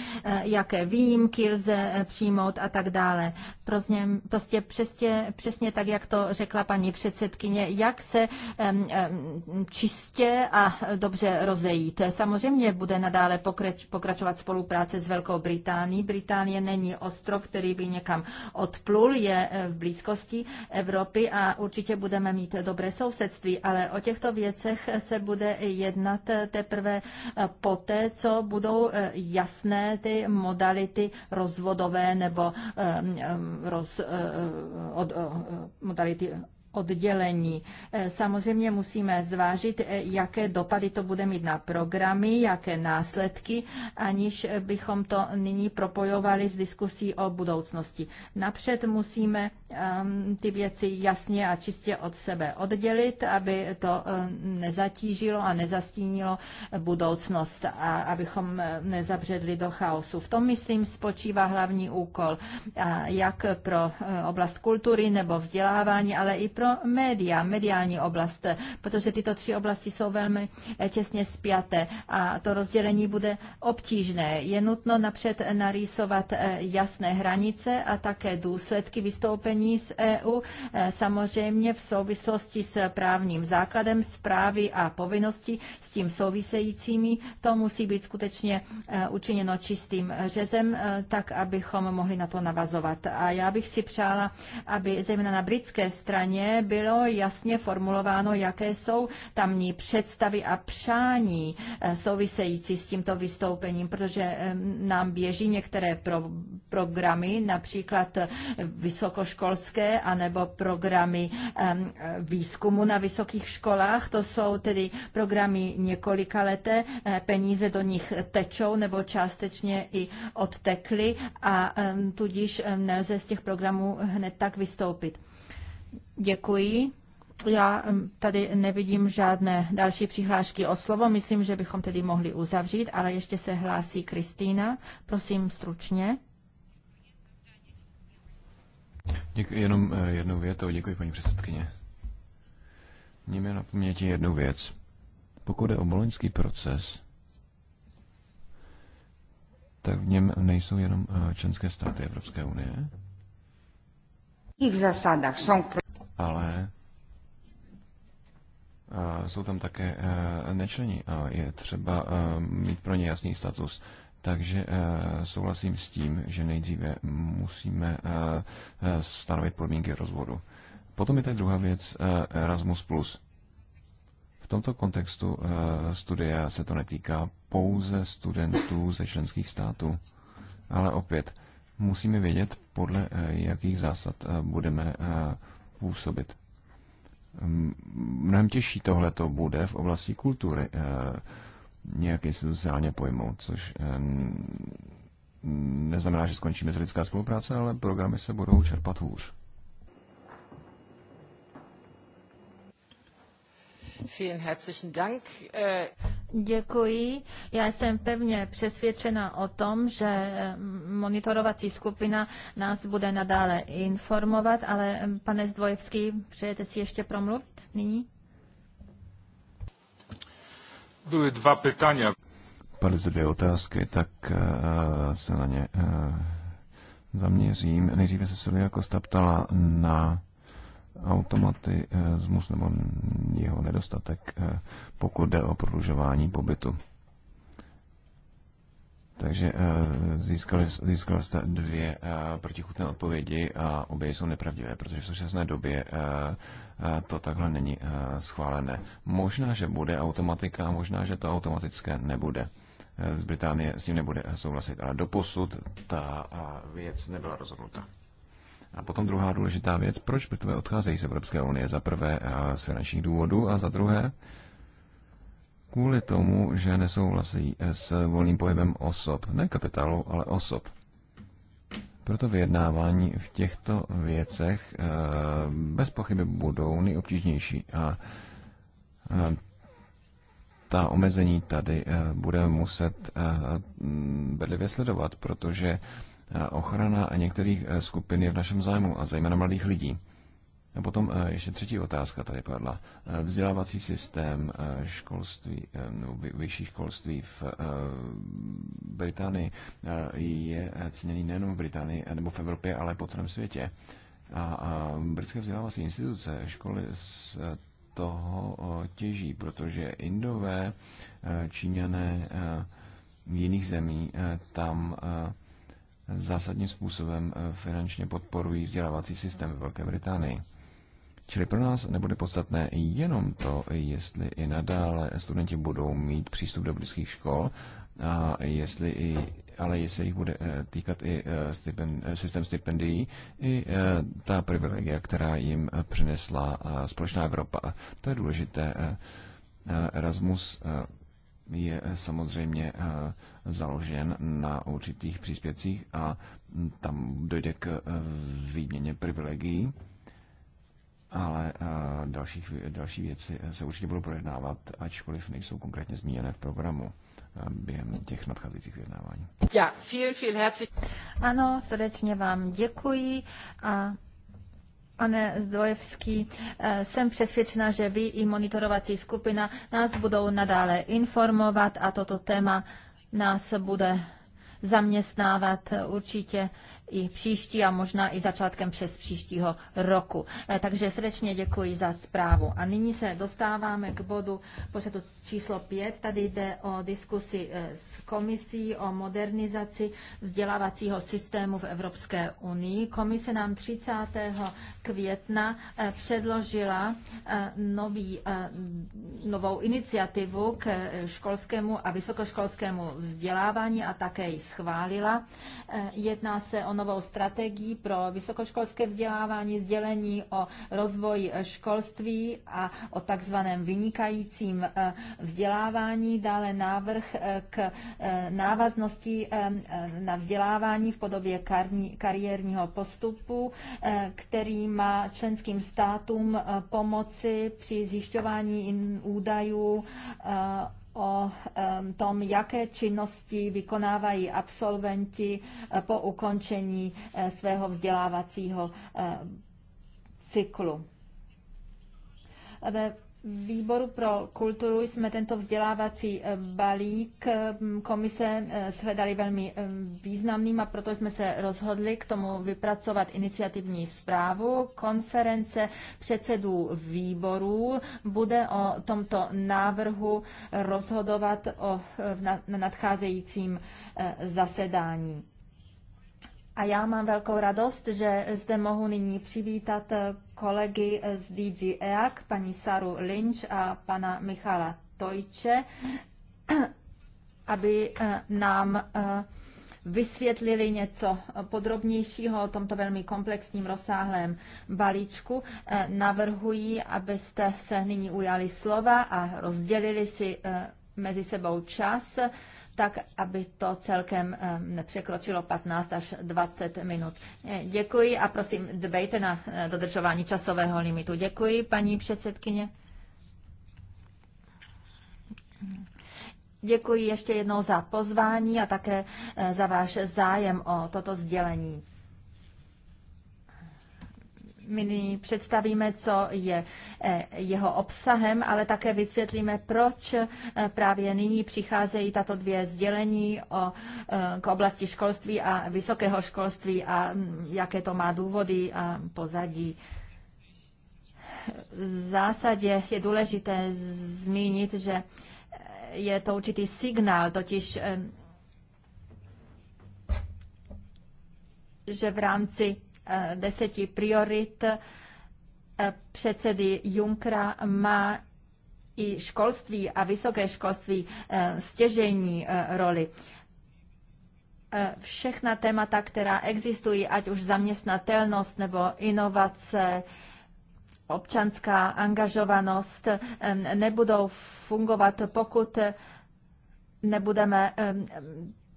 jaké výjimky lze přijmout a tak dále prostě, prostě přesně, přesně tak, jak to řekla paní předsedkyně, jak se čistě a dobře rozejít. Samozřejmě bude nadále pokrač, pokračovat spolupráce s Velkou Británií. Británie není ostrov, který by někam odplul, je eh, v blízkosti Evropy a určitě budeme mít dobré sousedství, ale o těchto věcech se bude jednat eh, teprve eh, poté, co budou jasné ty modality rozvodové nebo um, roz, eh, eh, od, od, eh, od, modality oddělení. Eh, samozřejmě musíme zvážit, eh, jaké dopady to bude mít na programy, jaké následky, aniž bychom to nyní propojovali s diskusí o budoucnosti. Napřed musíme ehm, ty věci jasně a čistě od sebe oddělit, aby to eh, nezatížilo a nezastínilo budoucnost a abychom nezabředli do chaosu. V tom, myslím, spočívá hlavní úkol, jak pro oblast kultury nebo vzdělávání, ale i pro pro média, mediální oblast, protože tyto tři oblasti jsou velmi eh, těsně spjaté a to rozdělení bude obtížné. Je nutno napřed narýsovat eh, jasné hranice a také důsledky vystoupení z EU, eh, samozřejmě v souvislosti s právním základem zprávy a povinností s tím souvisejícími. To musí být skutečně učiněno čistým řezem, tak abychom mohli na to navazovat. A já bych si přála, aby zejména na britské straně bylo jasně formulováno, jaké jsou tamní představy a přání eh, související s tímto vystoupením, protože nám běží některé pro, programy, například eh, vysokoškolské, anebo programy eh, výzkumu na vysokých školách. To jsou tedy programy několika leté, peníze do nich tečou nebo částečně i odtekly a tudíž nelze z těch programů hned tak vystoupit. Děkuji. Já tady nevidím žádné další přihlášky o slovo. Myslím, že bychom tedy mohli uzavřít, ale ještě se hlásí Kristýna. Prosím stručně. Děkuji, jenom eh, jednou větou. Děkuji, paní předsedkyně. mě na paměti jednu věc. Pokud je o boloňský proces, tak v něm nejsou jenom eh, členské státy Evropské unie, zásadách jsou... Ale jsou tam také e, nečleni a je třeba e, mít pro ně jasný status. Takže e, souhlasím s tím, že nejdříve musíme stanovit podmínky rozvodu. Potom je tady druhá věc, Erasmus+. V tomto kontextu studia se to netýká pouze studentů ze členských států, ale opět musíme vědět, podle eh, jakých zásad eh, budeme eh, působit. Mnohem těžší tohle to bude v oblasti kultury Nějaký sociálně pojmout, což neznamená, že skončíme z lidská spolupráce, ale programy se budou čerpat hůř. Äh, Děkuji. Já jsem pevně přesvědčena o tom, že mm, monitorovací skupina nás bude nadále informovat, ale mm, pane Zdvojevský, přejete si ještě promluvit nyní? Byly dva pytania. Padly dvě otázky, tak uh, se na ně uh, zaměřím. Nejdříve se Silvia Kosta ptala na automaty eh, zmus nebo jeho nedostatek, eh, pokud jde o prodlužování pobytu. Takže eh, získali, získali jste dvě protichutné odpovědi a obě jsou nepravdivé, protože v současné době to takhle není schválené. Možná, že bude automatika, možná, že to automatické nebude. Z Británie s tím nebude souhlasit, ale doposud ta věc nebyla rozhodnuta. A potom druhá důležitá věc, proč Britové odcházejí z Evropské unie za prvé eh, z finančních důvodů a za druhé kvůli tomu, že nesouhlasí s volným pohybem osob, ne kapitálu, ale osob. Proto vyjednávání v těchto věcech eh, bez pochyby budou nejobtížnější a eh, ta omezení tady budeme muset bedlivě sledovat, protože Eh, ochrana některých eh, skupin je v našem zájmu, a zejména mladých lidí. A potom eh, ještě třetí otázka tady padla. Vzdělávací systém školství, nebo vyšší školství v Británii je ceněný nejenom v Británii nebo v Evropě, ale po celém světě. A, a britské vzdělávací instituce, školy z toho těží, protože Indové, Číňané jiných zemí tam zásadním způsobem eh, finančně podporují vzdělávací systém ve Velké Británii. Čili pro nás nebude podstatné jenom to, jestli i nadále studenti budou mít přístup do blízkých škol, a jestli i, ale jestli jich bude eh, týkat i eh, stipen, systém stipendií, i ta privilegia, která jim přinesla společná Evropa. To je důležité. Erasmus je samozřejmě eh, založen na určitých příspěcích a tam dojde k eh, výměně privilegií, ale eh, dalších, další věci se určitě budou projednávat, ačkoliv nejsou konkrétně zmíněné v programu během těch nadcházejících vyjednávání. Ja, viel, viel herzlich. Ano, srdečně vám děkuji a Pane Zdrojevský, eh, jsem přesvědčena, že vy i monitorovací skupina nás budou nadále informovat a toto téma nás bude zaměstnávat určitě i příští a možná i začátkem přes příštího roku. E, takže srdečně děkuji za zprávu. A nyní se dostáváme k bodu pořadu číslo 5. Tady jde o diskusi e, s komisí o modernizaci vzdělávacího systému v Evropské unii. Komise nám 30. května e, předložila nový, novou iniciativu k školskému a vysokoškolskému vzdělávání a také ji schválila. Jedná se o novou strategii pro vysokoškolské vzdělávání, sdělení o rozvoji školství a o takzvaném vynikajícím eh, vzdělávání, dále návrh eh, k eh, návaznosti na vzdělávání v podobě kariérního postupu, který má členským státům pomoci při zjišťování údajů o tom, jaké činnosti vykonávají absolventi eh, po ukončení eh, svého vzdělávacího eh, cyklu. Ve výboru pro kulturu jsme tento vzdělávací eh, balík eh, komise eh, shledali velmi významným a proto jsme se rozhodli k tomu vypracovat iniciativní zprávu. Konference předsedů výborů bude o tomto návrhu rozhodovat o, na nadcházejícím zasedání. A já mám velkou radost, že zde mohu nyní přivítat eh, kolegy eh, z DG EAC, paní Saru Lynch a pana Michala Tojče, (clears throat) aby eh, nám vysvětlili něco podrobnějšího o tomto velmi komplexním rozsáhlém balíčku. Navrhuji, abyste se nyní ujali slova a rozdělili si mezi sebou čas tak aby to celkem eh, nepřekročilo 15 až 20 minut. Eh, děkuji a prosím, dbejte na eh, dodržování časového limitu. Děkuji, paní předsedkyně. Děkuji ještě jednou za pozvání a také za váš zájem o toto sdělení my nyní představíme, co je eh, jeho obsahem, ale také vysvětlíme, proč eh, právě nyní přicházejí tato dvě sdělení o, eh, k oblasti školství a vysokého školství a mm, jaké to má důvody a pozadí v zásadě je důležité zmínit, že je to určitý signál, totiž že v rámci deseti priorit e, předsedy Junkra má i školství a vysoké školství e, stěžení e, roli všechna témata, která existují, ať už zaměstnatelnost nebo inovace, občanská angažovanost, nebudou fungovat, pokud nebudeme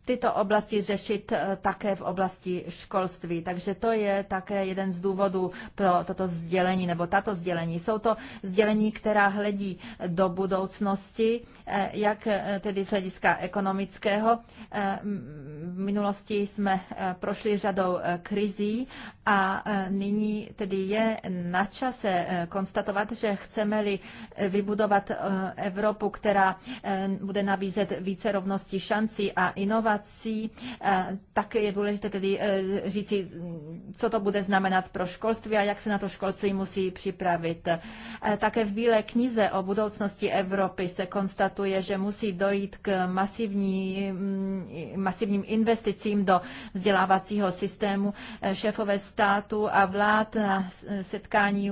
tyto oblasti řešit eh, také v oblasti školství. Takže to je také jeden z důvodů pro toto sdělení nebo tato sdělení. Jsou to sdělení, která hledí do budoucnosti, eh, jak eh, tedy z hlediska ekonomického. V minulosti jsme prošli řadou krizí a nyní tedy je na čase konstatovat, že chceme-li vybudovat Evropu, která bude nabízet více rovnosti šancí a inovací, inovací. Eh, tak je důležité tedy eh, říci, co to bude znamenat pro školství a jak se na to školství musí připravit. Eh, také v Bílé knize o budoucnosti Evropy se konstatuje, že musí dojít k masivní, masivním investicím do vzdělávacího systému. Šéfové státu a vlád na setkání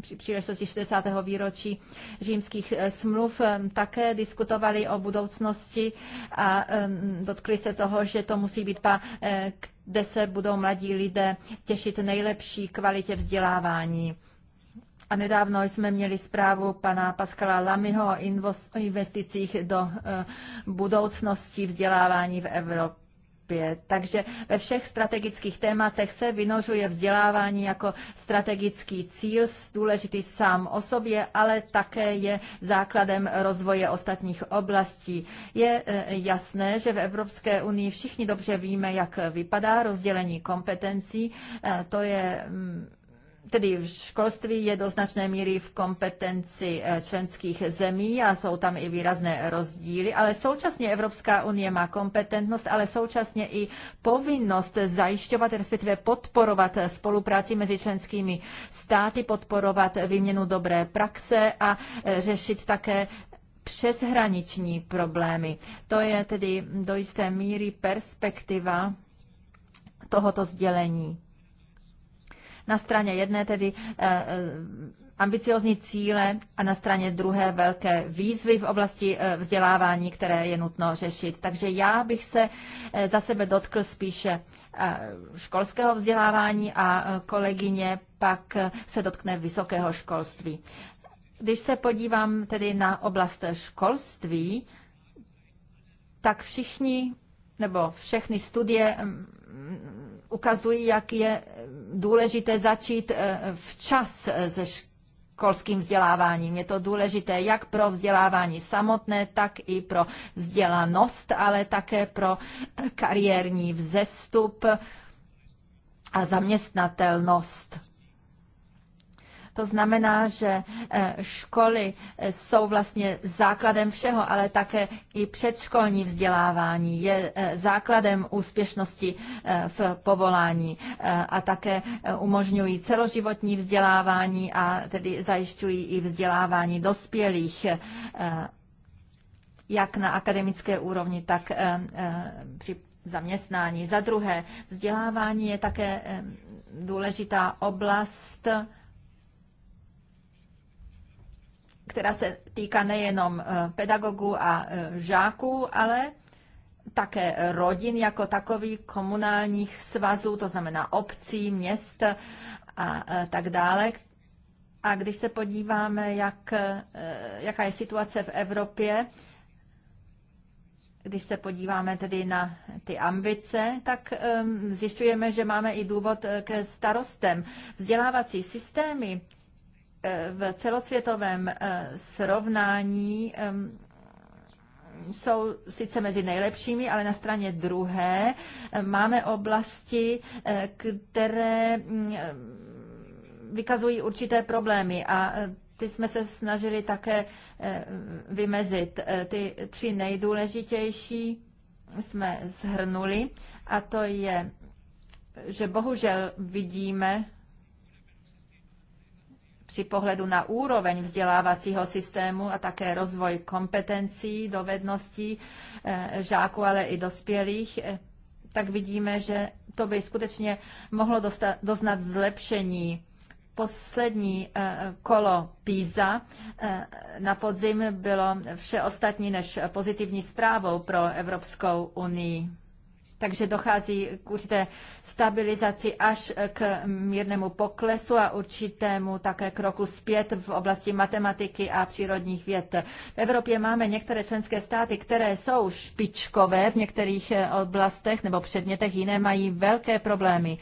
při příležitosti 60. výročí římských smluv také diskutovali o budoucnosti a dotkli se toho, že to musí být pa, eh, kde se budou mladí lidé těšit nejlepší kvalitě vzdělávání. A nedávno jsme měli zprávu pana Paskala Lamyho o investicích do eh, budoucnosti vzdělávání v Evropě Evropě. Takže ve všech strategických tématech se vynožuje vzdělávání jako strategický cíl, důležitý sám o sobě, ale také je základem rozvoje ostatních oblastí. Je e, jasné, že v Evropské unii všichni dobře víme, jak vypadá rozdělení kompetencí. E, to je mm, tedy v školství je do značné míry v kompetenci eh, členských zemí a jsou tam i výrazné rozdíly, ale současně Evropská unie má kompetentnost, ale současně i povinnost zajišťovat, respektive podporovat spolupráci mezi členskými státy, podporovat výměnu dobré praxe a eh, řešit také přeshraniční problémy. To je tedy do jisté míry perspektiva tohoto sdělení. Na straně jedné tedy eh, eh, ambiciozní cíle a na straně druhé velké výzvy v oblasti eh, vzdělávání, které je nutno řešit. Takže já bych se za sebe dotkl spíše školského vzdělávání a kolegyně pak se dotkne vysokého školství. Když se podívám tedy na oblast školství, tak všichni nebo všechny studie mm, ukazují, jak je důležité začít eh, včas eh, se školským vzděláváním. Je to důležité jak pro vzdělávání samotné, tak i pro vzdělanost, ale také pro eh, kariérní vzestup a zaměstnatelnost. To znamená, že eh, školy eh, jsou vlastně základem všeho, ale také i předškolní vzdělávání je eh, základem úspěšnosti v povolání a také umožňují celoživotní vzdělávání a tedy zajišťují i vzdělávání dospělých jak na akademické úrovni, tak při zaměstnání. Za druhé, vzdělávání je také důležitá oblast která se týká nejenom eh, pedagogů a eh, žáků, ale také rodin jako takových, komunálních svazů, to znamená obcí, měst a tak dále. A když se podíváme, jak, eh, jaká je situace v Evropě, když se podíváme tedy na ty ambice, tak ehm, zjišťujeme, že máme i důvod ke starostem. Vzdělávací systémy v celosvětovém eh, srovnání jsou sice mezi nejlepšími, ale na straně druhé eh, máme oblasti, eh, které mm, vykazují určité problémy a ty jsme se snažili také vymezit. Ty tři nejdůležitější jsme zhrnuli a to je, že bohužel vidíme při pohledu na úroveň vzdělávacího systému a také rozvoj kompetencí, dovedností eh, žáků, ale i dospělých, eh, tak vidíme, že to by skutečně mohlo dostat, doznat zlepšení. Poslední eh, kolo PISA na podzim bylo vše ostatní než pozitivní zprávou pro Evropskou unii. Takže dochází k určité stabilizaci až k mírnému poklesu a určitému také kroku zpět v oblasti matematiky a přírodních věd. V Evropě máme některé členské státy, které jsou špičkové v některých eh, oblastech nebo předmětech, jiné mají velké problémy.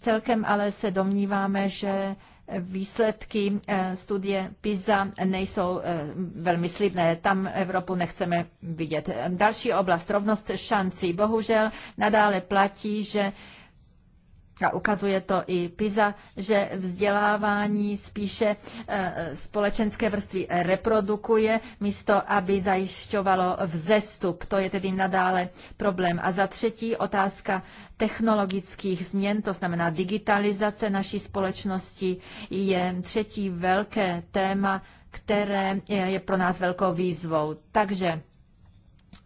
Celkem ale se domníváme, že výsledky eh, studie PISA nejsou eh, velmi slibné. Tam Evropu nechceme vidět. Další oblast, rovnost šancí. Bohužel nadále platí, že a ukazuje to i PISA, že vzdělávání spíše eh, společenské vrstvy reprodukuje, místo aby zajišťovalo vzestup. To je tedy nadále problém. A za třetí otázka technologických změn, to znamená digitalizace naší společnosti, je třetí velké téma, které je pro nás velkou výzvou. Takže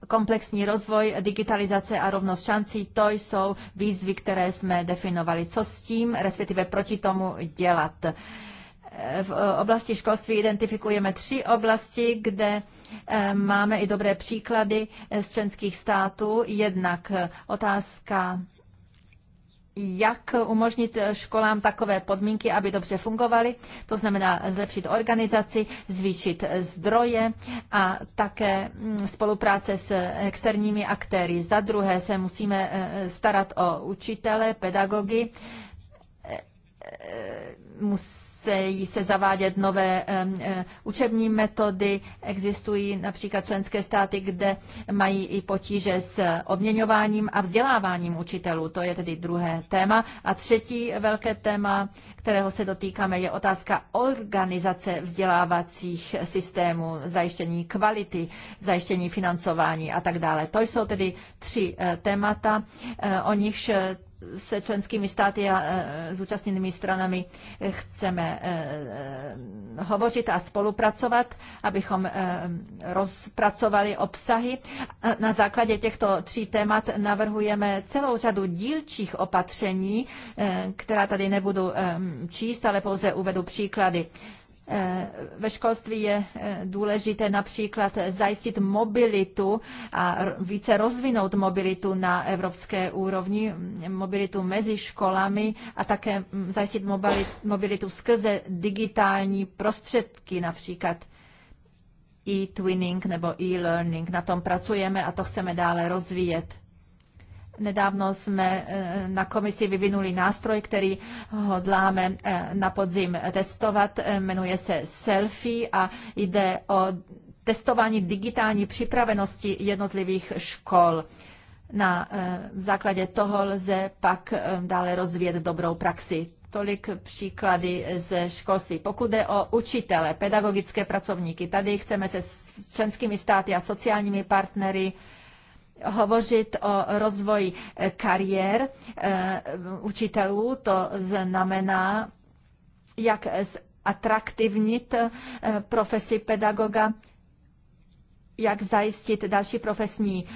komplexní rozvoj, digitalizace a rovnost šancí, to jsou výzvy, které jsme definovali. Co s tím, respektive proti tomu dělat? v oblasti školství identifikujeme tři oblasti, kde eh, máme i dobré příklady z členských států. Jednak otázka jak umožnit školám takové podmínky, aby dobře fungovaly, to znamená zlepšit organizaci, zvýšit zdroje a také mm, spolupráce s externími aktéry. Za druhé se musíme e, starat o učitele, pedagogy, e, e, musí musí se zavádět nové eh, učební metody. Existují například členské státy, kde mají i potíže s obměňováním a vzděláváním učitelů. To je tedy druhé téma. A třetí velké téma, kterého se dotýkáme, je otázka organizace vzdělávacích systémů, zajištění kvality, zajištění financování a tak dále. To jsou tedy tři eh, témata, eh, o nichž se členskými státy a e, zúčastněnými stranami e, chceme e, hovořit a spolupracovat, abychom rozpracovali obsahy. Na základě těchto tří témat navrhujeme celou řadu dílčích opatření, která tady nebudu číst, ale pouze uvedu příklady. Eh, ve školství je eh, důležité například zajistit mobilitu a více rozvinout mobilitu na evropské úrovni, mobilitu mezi školami a také zajistit mobilitu skrze digitální prostředky například e-twinning nebo e-learning. Na tom pracujeme a to chceme dále rozvíjet. Nedávno jsme eh, na komisi vyvinuli nástroj, který hodláme eh, na podzim testovat. Eh, jmenuje se Selfie a jde o testování digitální připravenosti jednotlivých škol. Na základě toho lze pak dále rozvíjet dobrou praxi. Tolik příklady ze školství. Pokud jde o učitele, pedagogické pracovníky, tady chceme se s členskými státy a sociálními partnery hovořit o rozvoji eh, kariér eh, učitelů, to znamená, jak atraktivnit eh, profesi pedagoga, jak zajistit další profesní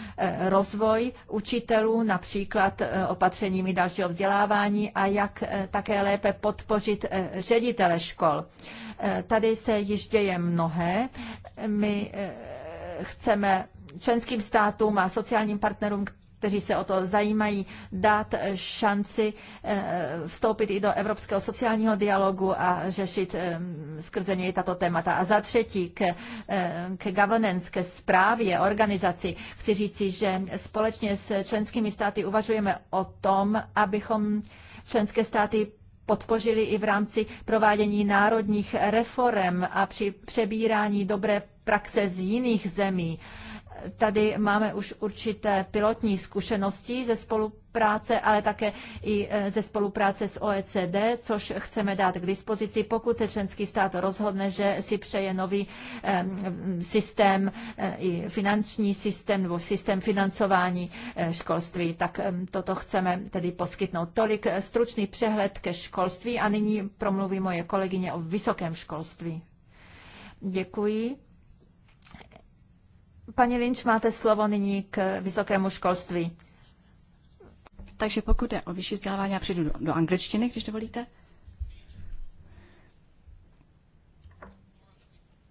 rozvoj učitelů, například opatřeními dalšího vzdělávání a jak také lépe podpořit ředitele škol. Tady se již děje mnohé. My chceme členským státům a sociálním partnerům, kteří se o to zajímají, dát šanci eh, vstoupit i do evropského sociálního dialogu a řešit eh, skrze něj tato témata. A za třetí k, eh, k governance, ke správě organizaci. Chci říci, že společně s členskými státy uvažujeme o tom, abychom členské státy podpořili i v rámci provádění národních reform a při přebírání dobré praxe z jiných zemí. Tady máme už určité pilotní zkušenosti ze spolupráce, ale také i e, ze spolupráce s OECD, což chceme dát k dispozici, pokud se členský stát rozhodne, že si přeje nový systém, e, finanční systém nebo systém financování e, školství. Tak toto chceme tedy poskytnout. Tolik stručný přehled ke školství a nyní promluví moje kolegyně o vysokém školství. Děkuji. Pane Vinč máte slovo nyní k vysokému školství. Takže pokud je o vyšší vzdělávání, já přijdu do, do angličtiny, když dovolíte.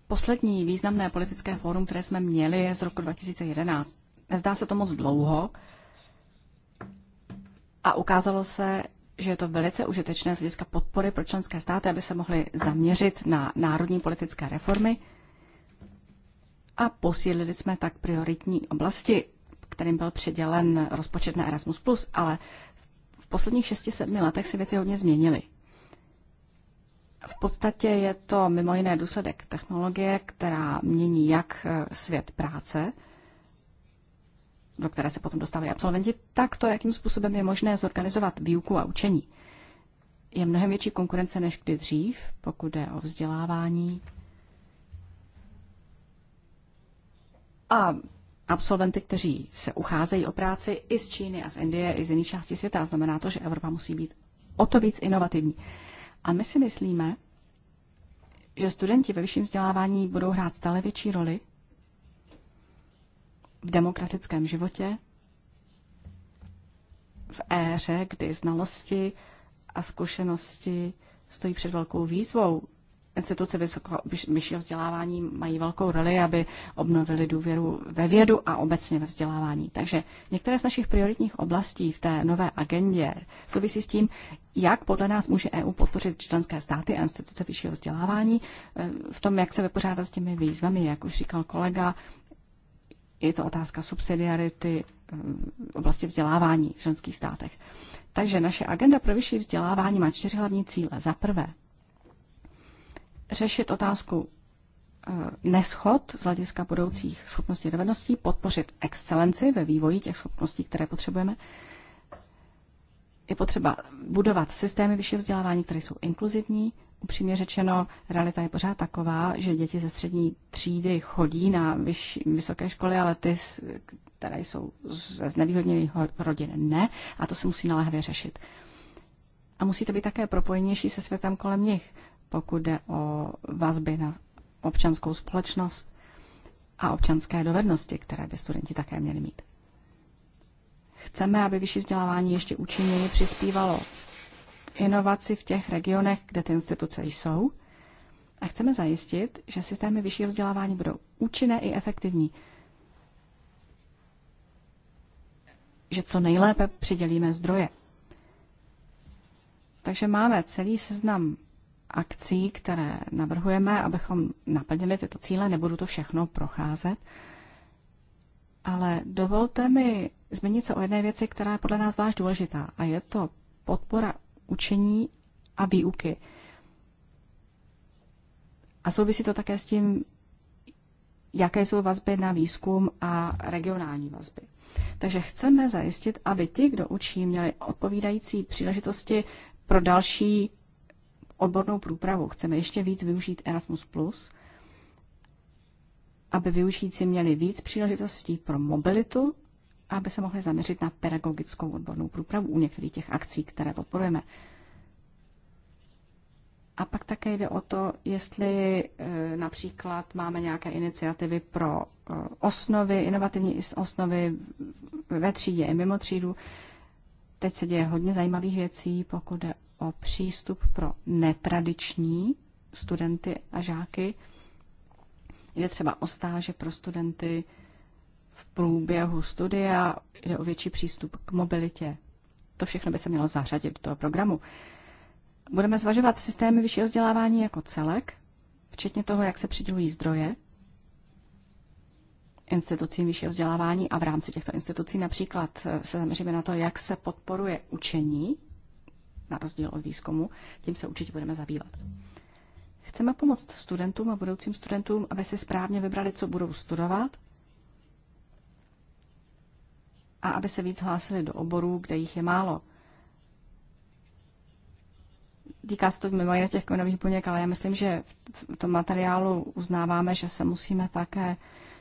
Poslední významné politické fórum, které jsme měli, je z roku 2011. Nezdá se to moc dlouho a ukázalo se, že je to velice užitečné z hlediska podpory pro členské státy, aby se mohly zaměřit na národní politické reformy a posílili jsme tak prioritní oblasti, kterým byl předělen rozpočet na Erasmus+, ale v posledních 6-7 letech se věci hodně změnily. V podstatě je to mimo jiné důsledek technologie, která mění jak eh, svět práce, do které se potom dostávají absolventi, tak to, jakým způsobem je možné zorganizovat výuku a učení. Je mnohem větší konkurence než kdy dřív, pokud jde o vzdělávání, a absolventy, kteří se ucházejí o práci i z Číny a z Indie, i z jiných částí světa. Znamená to, že Evropa musí být o to víc inovativní. A my si myslíme, že studenti ve vyšším vzdělávání budou hrát stále větší roli v demokratickém životě, v éře, kdy znalosti a zkušenosti stojí před velkou výzvou instituce vysokého vyššího vzdělávání mají velkou roli, aby obnovili důvěru ve vědu a obecně ve vzdělávání. Takže některé z našich prioritních oblastí v té nové agendě souvisí s tím, jak podle nás může EU podpořit členské státy a instituce vyššího vzdělávání eh, v tom, jak se vypořádat s těmi výzvami, jak už říkal kolega, je to otázka subsidiarity v eh, oblasti vzdělávání v členských státech. Takže naše agenda pro vyšší vzdělávání má čtyři hlavní cíle. Za prvé, řešit otázku eh, neschod z hlediska budoucích schopností a dovedností, podpořit excelenci ve vývoji těch schopností, které potřebujeme. Je potřeba budovat systémy vyššího vzdělávání, které jsou inkluzivní. Upřímně řečeno, realita je pořád taková, že děti ze střední třídy chodí na vyšší, vysoké školy, ale ty, které jsou ze znevýhodněných rodin, ne. A to se musí naléhavě řešit. A musíte být také propojenější se světem kolem nich pokud jde o vazby na občanskou společnost a občanské dovednosti, které by studenti také měli mít. Chceme, aby vyšší vzdělávání ještě účinněji přispívalo inovaci v těch regionech, kde ty instituce jsou. A chceme zajistit, že systémy vyššího vzdělávání budou účinné i efektivní. Že co nejlépe přidělíme zdroje. Takže máme celý seznam akcí, které navrhujeme, abychom naplnili tyto cíle. Nebudu to všechno procházet, ale dovolte mi zmínit se o jedné věci, která je podle nás zvlášť důležitá, a je to podpora učení a výuky. A souvisí to také s tím, jaké jsou vazby na výzkum a regionální vazby. Takže chceme zajistit, aby ti, kdo učí, měli odpovídající příležitosti pro další odbornou průpravu. Chceme ještě víc využít Erasmus+, aby využijíci měli víc příležitostí pro mobilitu, aby se mohli zaměřit na pedagogickou odbornou průpravu u některých těch akcí, které podporujeme. A pak také jde o to, jestli eh, například máme nějaké iniciativy pro eh, osnovy, inovativní osnovy ve třídě i mimo třídu. Teď se děje hodně zajímavých věcí, pokud jde o přístup pro netradiční studenty a žáky. Jde třeba o stáže pro studenty v průběhu studia, jde o větší přístup k mobilitě. To všechno by se mělo zařadit do toho programu. Budeme zvažovat systémy vyššího vzdělávání jako celek, včetně toho, jak se přidělují zdroje institucím vyššího vzdělávání a v rámci těchto institucí například eh, se zaměříme na to, jak se podporuje učení na rozdíl od výzkumu, tím se určitě budeme zabývat. Chceme pomoct studentům a budoucím studentům, aby si správně vybrali, co budou studovat a aby se víc hlásili do oborů, kde jich je málo. Týká se to mimo jiné těch kmenových buněk, ale já myslím, že v tom materiálu uznáváme, že se musíme také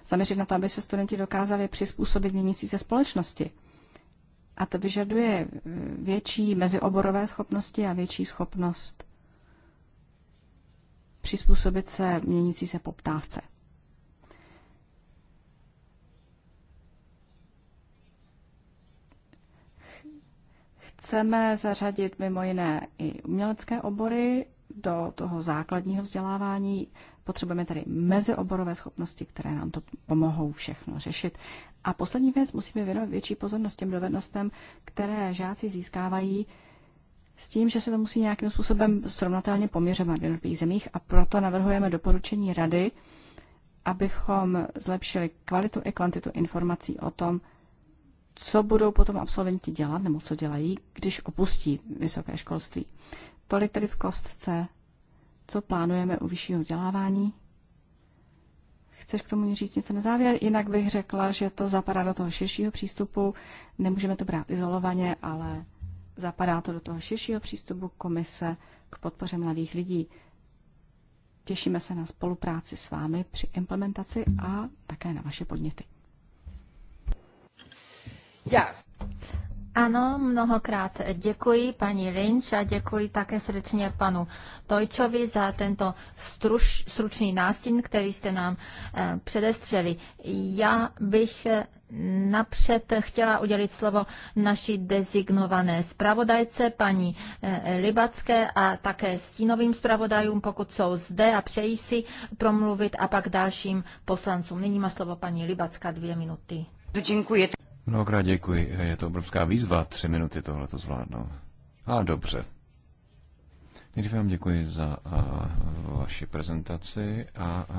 zaměřit na to, aby se studenti dokázali přizpůsobit měnící se společnosti. A to vyžaduje mm, větší mezioborové schopnosti a větší schopnost přizpůsobit se měnící se poptávce. Chceme zařadit mimo jiné i umělecké obory do toho základního vzdělávání. Potřebujeme tedy mezioborové schopnosti, které nám to pomohou všechno řešit. A poslední věc, musíme věnovat větší pozornost těm dovednostem, které žáci získávají s tím, že se to musí nějakým způsobem srovnatelně poměřovat v jednotlivých zemích a proto navrhujeme doporučení rady, abychom zlepšili kvalitu i kvantitu informací o tom, co budou potom absolventi dělat nebo co dělají, když opustí vysoké školství. Tolik tedy v kostce co plánujeme u vyššího vzdělávání. Chceš k tomu říct něco na závěr? Jinak bych řekla, že to zapadá do toho širšího přístupu. Nemůžeme to brát izolovaně, ale zapadá to do toho širšího přístupu komise k podpoře mladých lidí. Těšíme se na spolupráci s vámi při implementaci a také na vaše podněty. Já. Ano, mnohokrát děkuji paní Lynch a děkuji také srdečně panu Tojčovi za tento struš, stručný nástin, který jste nám eh, předestřeli. Já bych eh, napřed chtěla udělit slovo naší dezignované zpravodajce, paní eh, Libacké a také stínovým zpravodajům, pokud jsou zde a přejí si promluvit a pak dalším poslancům. Nyní má slovo paní Libacká dvě minuty. Děkuji. Mnohokrát děkuji. Je to obrovská výzva, tři minuty tohle to zvládnout. A dobře. Nejdřív vám děkuji za uh, vaši prezentaci a, uh,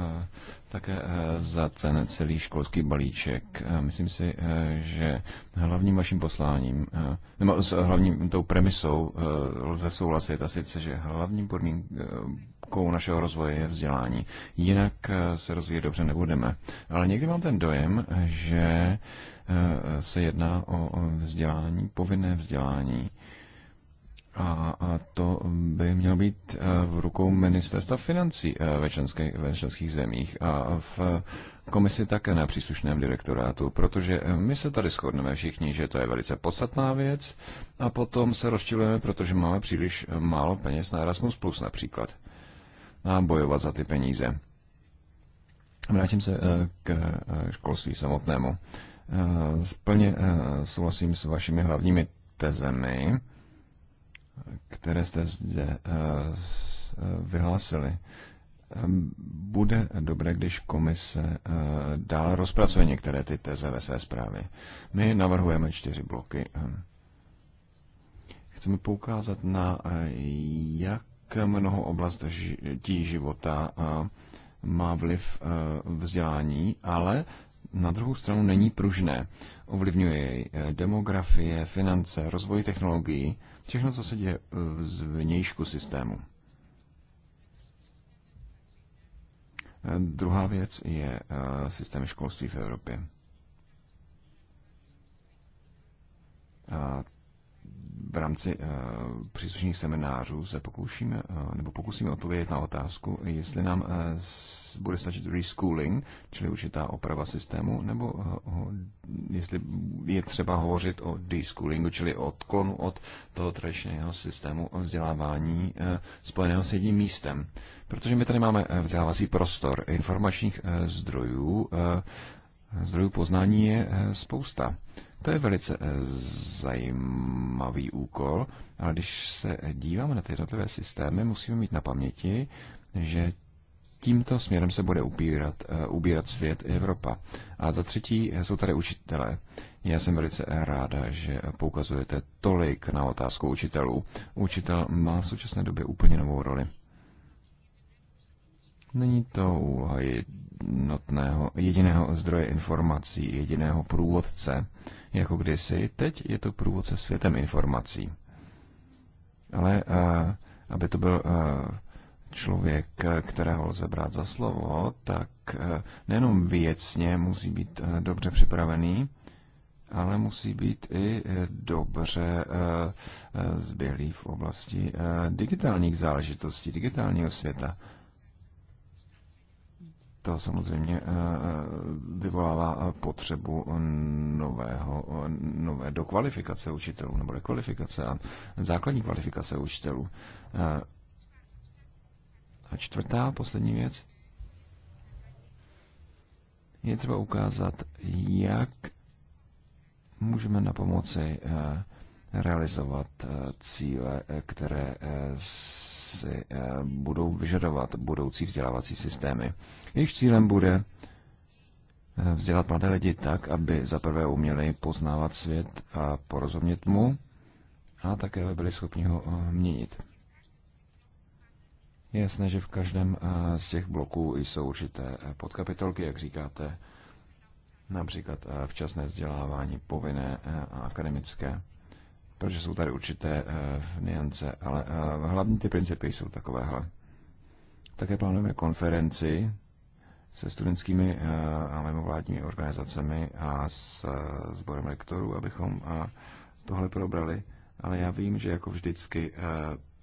také uh, za ten celý školský balíček. Uh, myslím si, uh, že hlavním vaším posláním, uh, nebo s hlavním tou premisou uh, lze souhlasit a sice, že hlavním podmínkou našeho rozvoje je vzdělání. Jinak se rozvíjet dobře nebudeme. Ale někdy mám ten dojem, že Eh, se jedná o vzdělání, povinné vzdělání. A, a to by mělo být eh, v rukou ministerstva financí eh, ve, členské, ve členských zemích a v komisi také na příslušném direktorátu, protože my se tady shodneme všichni, že to je velice podstatná věc a potom se rozčilujeme, protože máme příliš málo peněz na Erasmus Plus například a bojovat za ty peníze. Vrátím se k školství samotnému. Eh, plně eh, souhlasím s vašimi hlavními tezemi, které jste zde eh, vyhlásili. Bude dobré, když komise dále rozpracuje některé ty teze ve své zprávě. My navrhujeme čtyři bloky. Chceme poukázat na, jak mnoho oblastí života má vliv vzdělání, ale na druhou stranu není pružné. Ovlivňuje jej eh, demografie, finance, rozvoj technologií, všechno, co se děje eh, z vnějšku systému. Eh, druhá věc je systém školství v Evropě v rámci eh, příslušných seminářů se pokoušíme, eh, nebo pokusíme odpovědět na otázku, jestli nám eh, bude stačit reschooling, čili určitá oprava systému, nebo jestli je třeba hovořit o deschoolingu, čili odklonu od toho tradičního systému vzdělávání spojeného s jedním místem. Protože my tady máme vzdělávací prostor informačních zdrojů, zdrojů poznání je spousta. To je velice eh, zajímavý úkol, ale když se díváme na ty jednotlivé systémy, musíme mít na paměti, že tímto směrem se bude upírat, eh, ubírat svět i Evropa. A za třetí eh, jsou tady učitelé. Já jsem velice ráda, že poukazujete tolik na otázku učitelů. Učitel má v současné době úplně novou roli. Není to úloha jednotného, jediného zdroje informací, jediného průvodce jako kdysi. Teď je to průvodce světem informací. Ale aby to byl člověk, kterého lze brát za slovo, tak nejenom věcně musí být dobře připravený, ale musí být i e, dobře zběhlý v oblasti digitálních záležitostí, digitálního světa to samozřejmě eh, eh, vyvolává potřebu nového, nové dokvalifikace učitelů nebo rekvalifikace a základní kvalifikace učitelů. Eh, a čtvrtá, poslední věc. Je třeba ukázat, jak můžeme na pomoci realizovat cíle, které si eh, budou vyžadovat budoucí vzdělávací systémy. Jejich cílem bude eh, vzdělat mladé lidi tak, aby zaprvé uměli poznávat svět a porozumět mu, a také aby byli schopni ho eh, měnit. Je jasné, že v každém z těch bloků jsou určité podkapitolky, jak říkáte, například včasné vzdělávání povinné a akademické protože jsou tady určité uh, niance, ale uh, hlavní ty principy jsou takovéhle. Také plánujeme konferenci se studentskými uh, a mimovládními organizacemi a s uh, sborem rektorů, abychom uh, tohle probrali, ale já vím, že jako vždycky uh,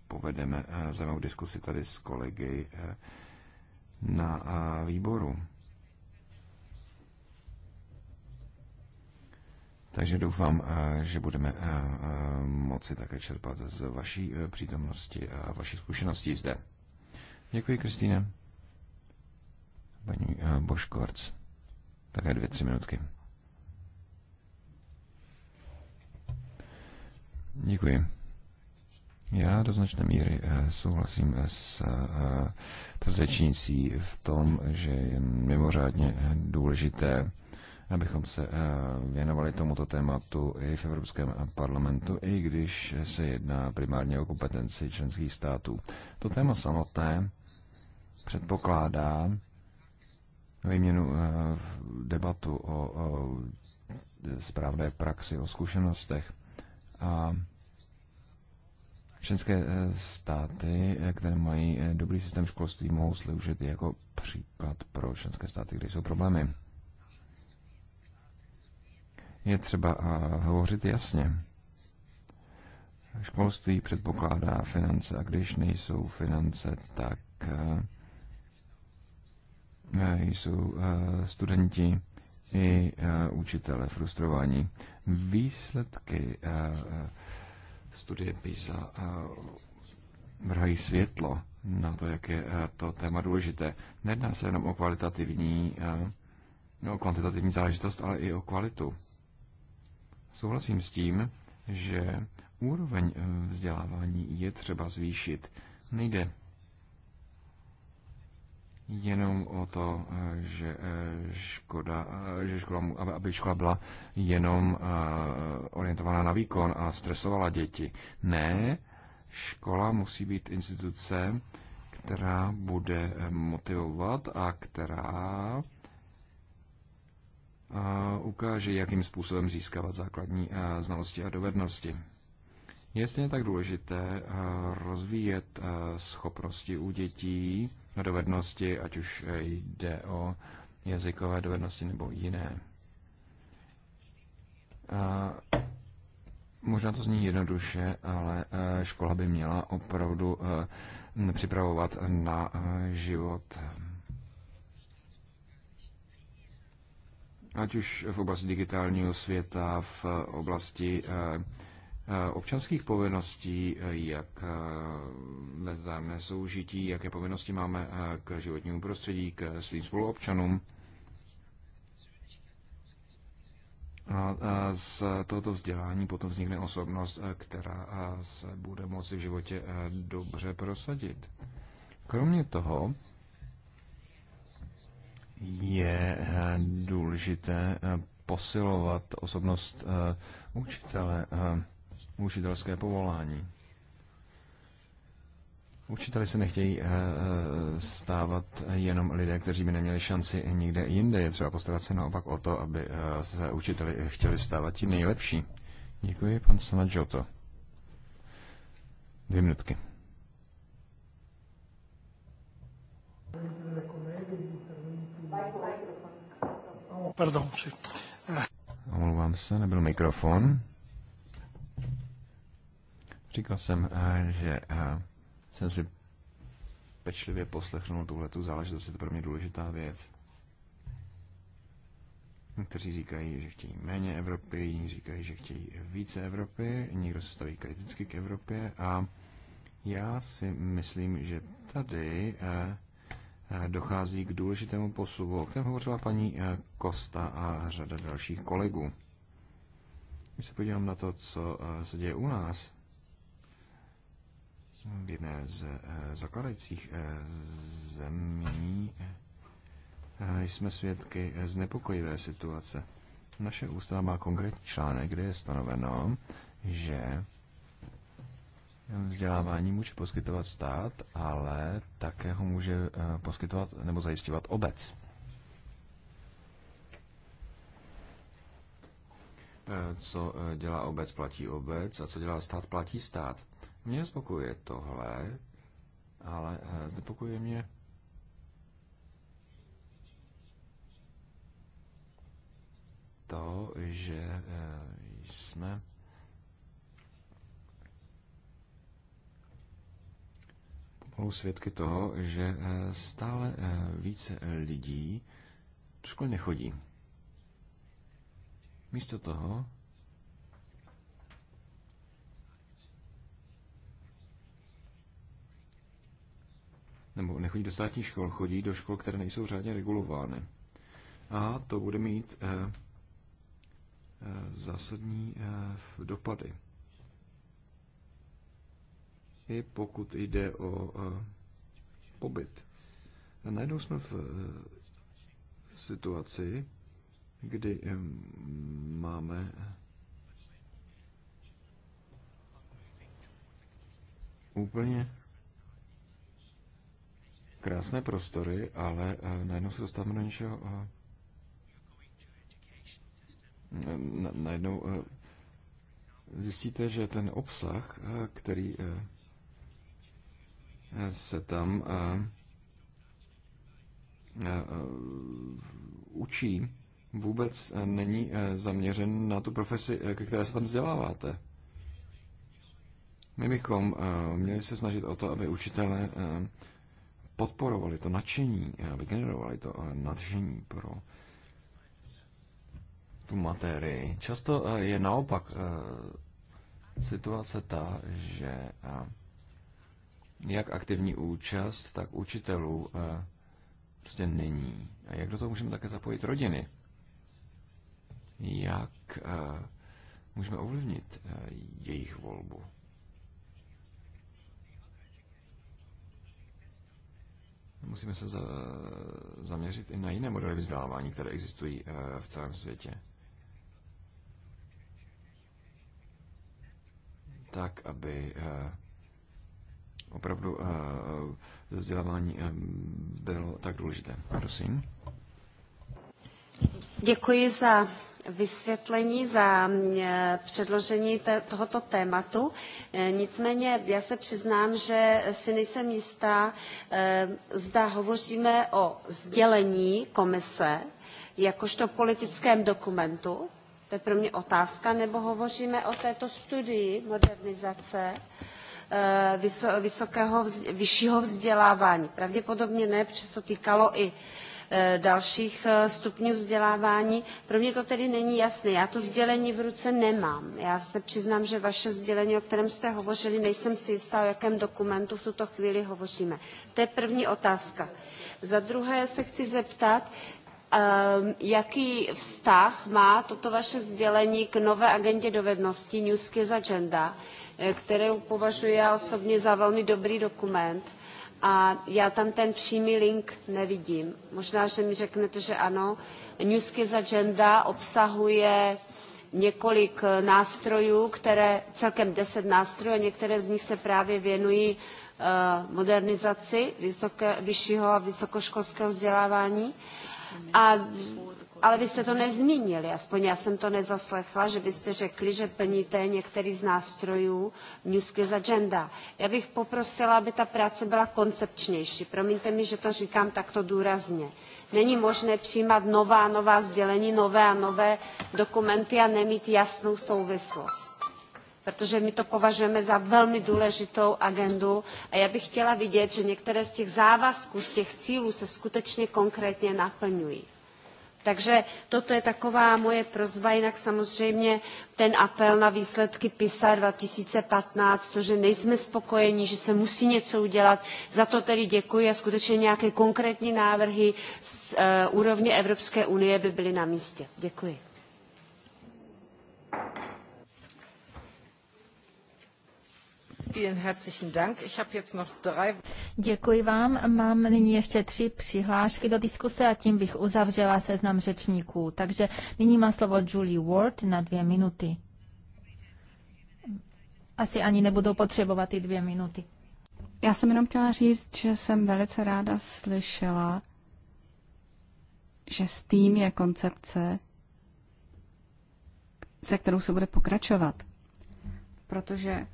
povedeme uh, zajímavou diskusi tady s kolegy uh, na uh, výboru. Takže doufám, eh, že budeme eh, eh, moci také čerpat z vaší přítomnosti a vaší zkušeností zde. Děkuji, Kristýne. Paní Boškorc, také dvě, tři minutky. Děkuji. Já do značné míry souhlasím s prozečnící v tom, že je mimořádně důležité abychom se eh, věnovali tomuto tématu i v Evropském parlamentu, i když se jedná primárně o kompetenci členských států. To téma samotné předpokládá výměnu eh, debatu o správné praxi, o zkušenostech a Všechny eh, státy, které mají dobrý systém školství, mohou sloužit jako příklad pro členské státy, kde jsou problémy je třeba hovořit jasně. Školství předpokládá finance a když nejsou finance, tak jsou studenti i učitele frustrování. Výsledky studie PISA vrhají světlo na to, jak je to téma důležité. Nedná se jenom o kvalitativní, no, o kvantitativní záležitost, ale i o kvalitu. Souhlasím s tím, že úroveň eh, vzdělávání je třeba zvýšit. Nejde jenom o to, eh, že, eh, škoda, že škola, aby škola byla jenom orientovaná na výkon a stresovala děti. Ne, škola musí být instituce, která bude motivovat a která ukáže, jakým způsobem získávat základní eh, znalosti a dovednosti. Je stejně tak důležité eh, rozvíjet eh, schopnosti u dětí a dovednosti, ať už jde o jazykové dovednosti nebo jiné. A možná to zní jednoduše, ale škola by měla opravdu připravovat na život ať už v oblasti digitálního světa, v oblasti eh, eh, občanských povinností, eh, jak vzájemné soužití, jaké povinnosti máme k životnímu prostředí, k svým spoluobčanům. A z tohoto vzdělání potom vznikne osobnost, která se bude moci v životě dobře prosadit. Kromě toho je eh, důležité eh, posilovat osobnost eh, učitele, učitelské povolání. Učiteli se nechtějí stávat jenom lidé, kteří by neměli šanci nikde jinde. Je třeba postarat se naopak o to, aby se učiteli chtěli stávat ti nejlepší. Děkuji, pan Sanadžoto. Dvě minutky. Pardon, Omlouvám se, nebyl mikrofon. Říkal jsem, eh, že eh, jsem si pečlivě poslechnul tuhle tu záležitost, je to pro mě důležitá věc. Někteří říkají, že chtějí méně Evropy, jiní říkají, že chtějí více Evropy, někdo se staví kriticky k Evropě a já si myslím, že tady eh, dochází k důležitému posuvu, o kterém hovořila paní eh, Kosta a řada dalších kolegů. Když se podívám na to, co eh, se děje u nás, v jedné z eh, zakladajících zemí jsme svědky znepokojivé situace. Naše ústava má konkrétní článek, kde je stanoveno, že Vzdělávání může poskytovat stát, ale také ho může eh, poskytovat nebo zajišťovat obec. Eh, co eh, dělá obec, platí obec a co dělá stát, platí stát. Mě spokojuje tohle, ale znepokojuje mě to, že jsme spolu svědky toho, že eh, stále eh, více eh, lidí škol nechodí. Místo toho nebo nechodí do státních škol, chodí do škol, které nejsou řádně regulovány. A to bude mít eh, zásadní eh, dopady i pokud jde o e, pobyt. A najednou jsme v e, situaci, kdy e, máme úplně krásné prostory, ale najednou se dostáváme do něčeho. Najednou zjistíte, že ten obsah, který se tam eh, eh, učí, vůbec eh, není zaměřen na tu profesi, ke které se tam vzděláváte. My bychom měli se snažit o to, aby učitelé podporovali to nadšení, aby generovali to nadšení pro tu materii. Často je naopak situace ta, že jak aktivní účast, tak učitelů eh, prostě není. A jak do toho můžeme také zapojit rodiny? Jak eh, můžeme ovlivnit eh, jejich volbu? Musíme se za, zaměřit i na jiné modely vzdělávání, které existují v celém světě. Tak, aby opravdu eh, vzdělávání eh, bylo tak důležité. Prosím. Děkuji za vysvětlení, za eh, předložení tohoto tématu. Nicméně já se přiznám, že si nejsem jistá, zda hovoříme o sdělení komise jakožto politickém dokumentu, to je pro mě otázka, nebo hovoříme o této studii modernizace, Eh, vysokého, vyššího vzdělávání. Pravděpodobně ne, to týkalo i eh, dalších eh, stupňů vzdělávání. Pro mě to tedy není jasné. Já to sdělení v ruce nemám. Já se přiznám, že vaše sdělení, o kterém jste hovořili, nejsem si jistá, o jakém dokumentu v tuto chvíli hovoříme. To je první otázka. Za druhé se chci zeptat, ehm, jaký vztah má toto vaše sdělení k nové agendě dovedností New Skills Agenda, kterou považuji já osobně za velmi dobrý dokument. A já tam ten přímý link nevidím. Možná, že mi řeknete, že ano. New Skills Agenda obsahuje několik eh, nástrojů, které, celkem deset nástrojů, a některé z nich se právě věnují eh, modernizaci vysoké, vyššího a vysokoškolského vzdělávání. A ale vy jste to nezmínili, aspoň já jsem to nezaslechla, že byste řekli, že plníte některý z nástrojů New Skills Agenda. Já bych poprosila, aby ta práce byla koncepčnější. Promiňte mi, že to říkám takto důrazně. Není možné přijímat nová a nová sdělení, nové a nové dokumenty a nemít jasnou souvislost protože my to považujeme za velmi důležitou agendu a já bych chtěla vidět, že některé z těch závazků, z těch cílů se skutečně konkrétně naplňují. Takže toto je taková moje prozba, jinak samozřejmě ten apel na výsledky PISA 2015, to, že nejsme spokojeni, že se musí něco udělat, za to tedy děkuji a skutečně nějaké konkrétní návrhy z uh, úrovně Evropské unie by byly na místě. Děkuji. Děkuji vám. Mám nyní ještě tři přihlášky do diskuse a tím bych uzavřela seznam řečníků. Takže nyní má slovo Julie Ward na dvě minuty. Asi ani nebudou potřebovat ty dvě minuty. Já jsem jenom chtěla říct, že jsem velice ráda slyšela, že s tím je koncepce, se kterou se bude pokračovat. Protože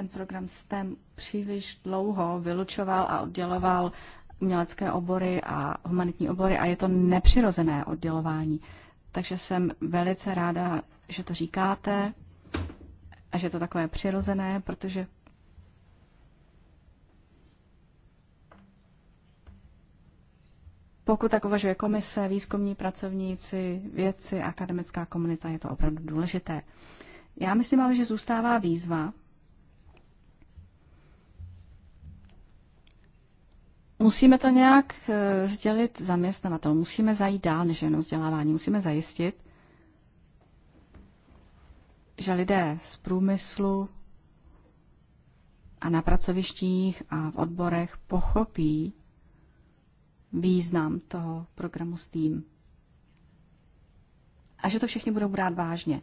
ten program STEM příliš dlouho vylučoval a odděloval umělecké obory a humanitní obory a je to nepřirozené oddělování. Takže jsem velice ráda, že to říkáte a že to takové přirozené, protože pokud tak uvažuje komise, výzkumní pracovníci, vědci, akademická komunita, je to opravdu důležité. Já myslím ale, že zůstává výzva, Musíme to nějak eh, sdělit zaměstnavatel. Musíme zajít dál než jenom vzdělávání. Musíme zajistit, že lidé z průmyslu a na pracovištích a v odborech pochopí význam toho programu s tým. A že to všichni budou brát vážně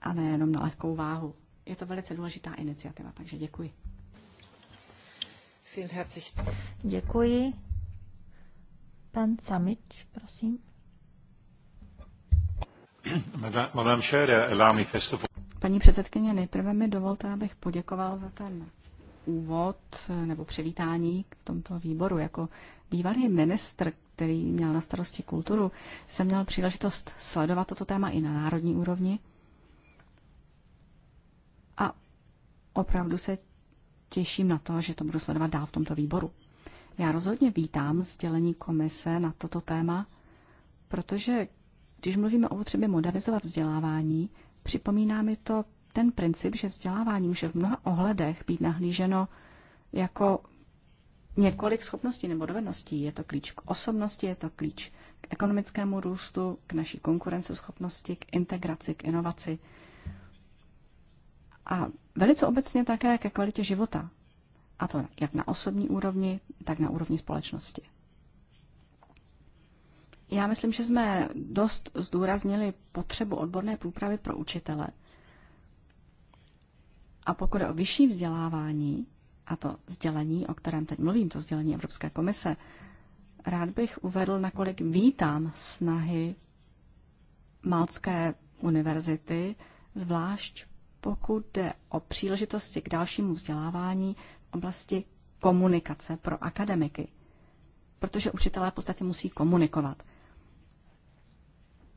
a nejenom na lehkou váhu. Je to velice důležitá iniciativa, takže děkuji. Děkuji. Pan Samič, prosím. Paní předsedkyně, nejprve mi dovolte, abych poděkoval za ten úvod eh, nebo přivítání k tomto výboru. Jako bývalý ministr, který měl na starosti kulturu, jsem měl příležitost sledovat toto téma i na národní úrovni. A opravdu se těším na to, že to budu sledovat dál v tomto výboru. Já rozhodně vítám sdělení komise na toto téma, protože když mluvíme o potřebě modernizovat vzdělávání, připomíná mi to ten princip, že vzdělávání může v mnoha ohledech být nahlíženo jako několik schopností nebo dovedností. Je to klíč k osobnosti, je to klíč k ekonomickému růstu, k naší konkurenceschopnosti, k integraci, k inovaci. A velice obecně také ke kvalitě života. A to jak na osobní úrovni, tak na úrovni společnosti. Já myslím, že jsme dost zdůraznili potřebu odborné průpravy pro učitele. A pokud je o vyšší vzdělávání, a to sdělení, o kterém teď mluvím, to sdělení Evropské komise, rád bych uvedl, nakolik vítám snahy Malcké univerzity, zvlášť pokud jde o příležitosti k dalšímu vzdělávání v oblasti komunikace pro akademiky, protože učitelé v podstatě musí komunikovat.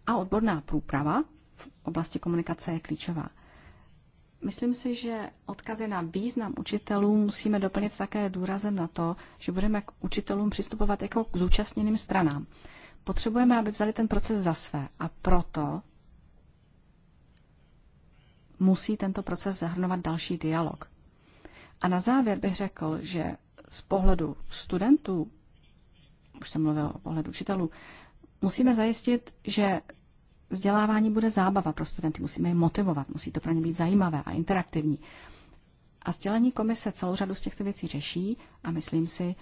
A odborná průprava v oblasti komunikace je klíčová. Myslím si, že odkazy na význam učitelů musíme doplnit také důrazem na to, že budeme k učitelům přistupovat jako k zúčastněným stranám. Potřebujeme, aby vzali ten proces za své a proto musí tento proces zahrnovat další dialog. A na závěr bych řekl, že z pohledu studentů, už jsem mluvil o pohledu učitelů, musíme zajistit, že vzdělávání bude zábava pro studenty, musíme je motivovat, musí to pro ně být zajímavé a interaktivní. A sdělení komise celou řadu z těchto věcí řeší a myslím si,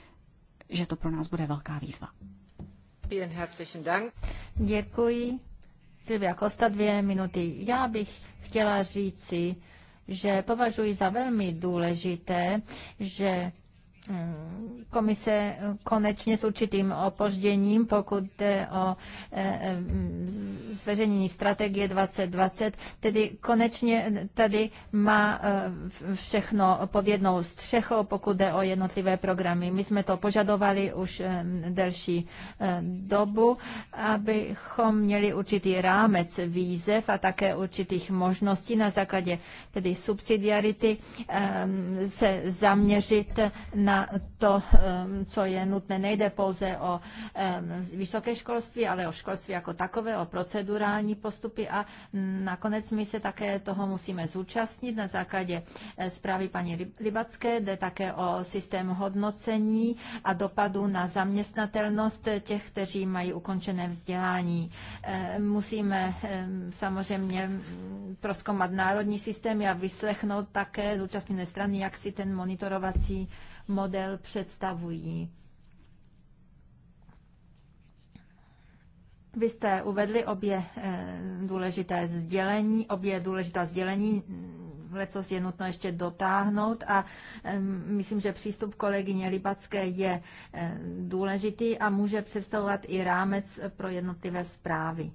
že to pro nás bude velká výzva. Děkuji. Silvia Costa, dvě minuty. Já bych chtěla říci, že považuji za velmi důležité, že komise konečně s určitým opožděním, pokud jde o e, e, zveřejnění strategie 2020, tedy konečně tady má e, všechno pod jednou střechou, pokud jde o jednotlivé programy. My jsme to požadovali už delší dobu, abychom měli určitý rámec výzev a také určitých možností na základě tedy subsidiarity se zaměřit na na to, um, co je nutné. Nejde pouze o um, vysoké školství, ale o školství jako takové, o procedurální postupy a nakonec my se také toho musíme zúčastnit. Na základě eh, zprávy paní Libacké jde také o systém hodnocení a dopadu na zaměstnatelnost těch, kteří mají ukončené vzdělání. Eh, musíme samozřejmě proskomat národní systémy a vyslechnout také zúčastněné strany, jak si ten monitorovací model představují. Vy jste uvedli obě eh, důležité sdělení, obě důležitá sdělení, lecos je nutno ještě dotáhnout a myslím, že přístup kolegyně Libacké je eh, důležitý a může představovat i rámec pro jednotlivé zprávy.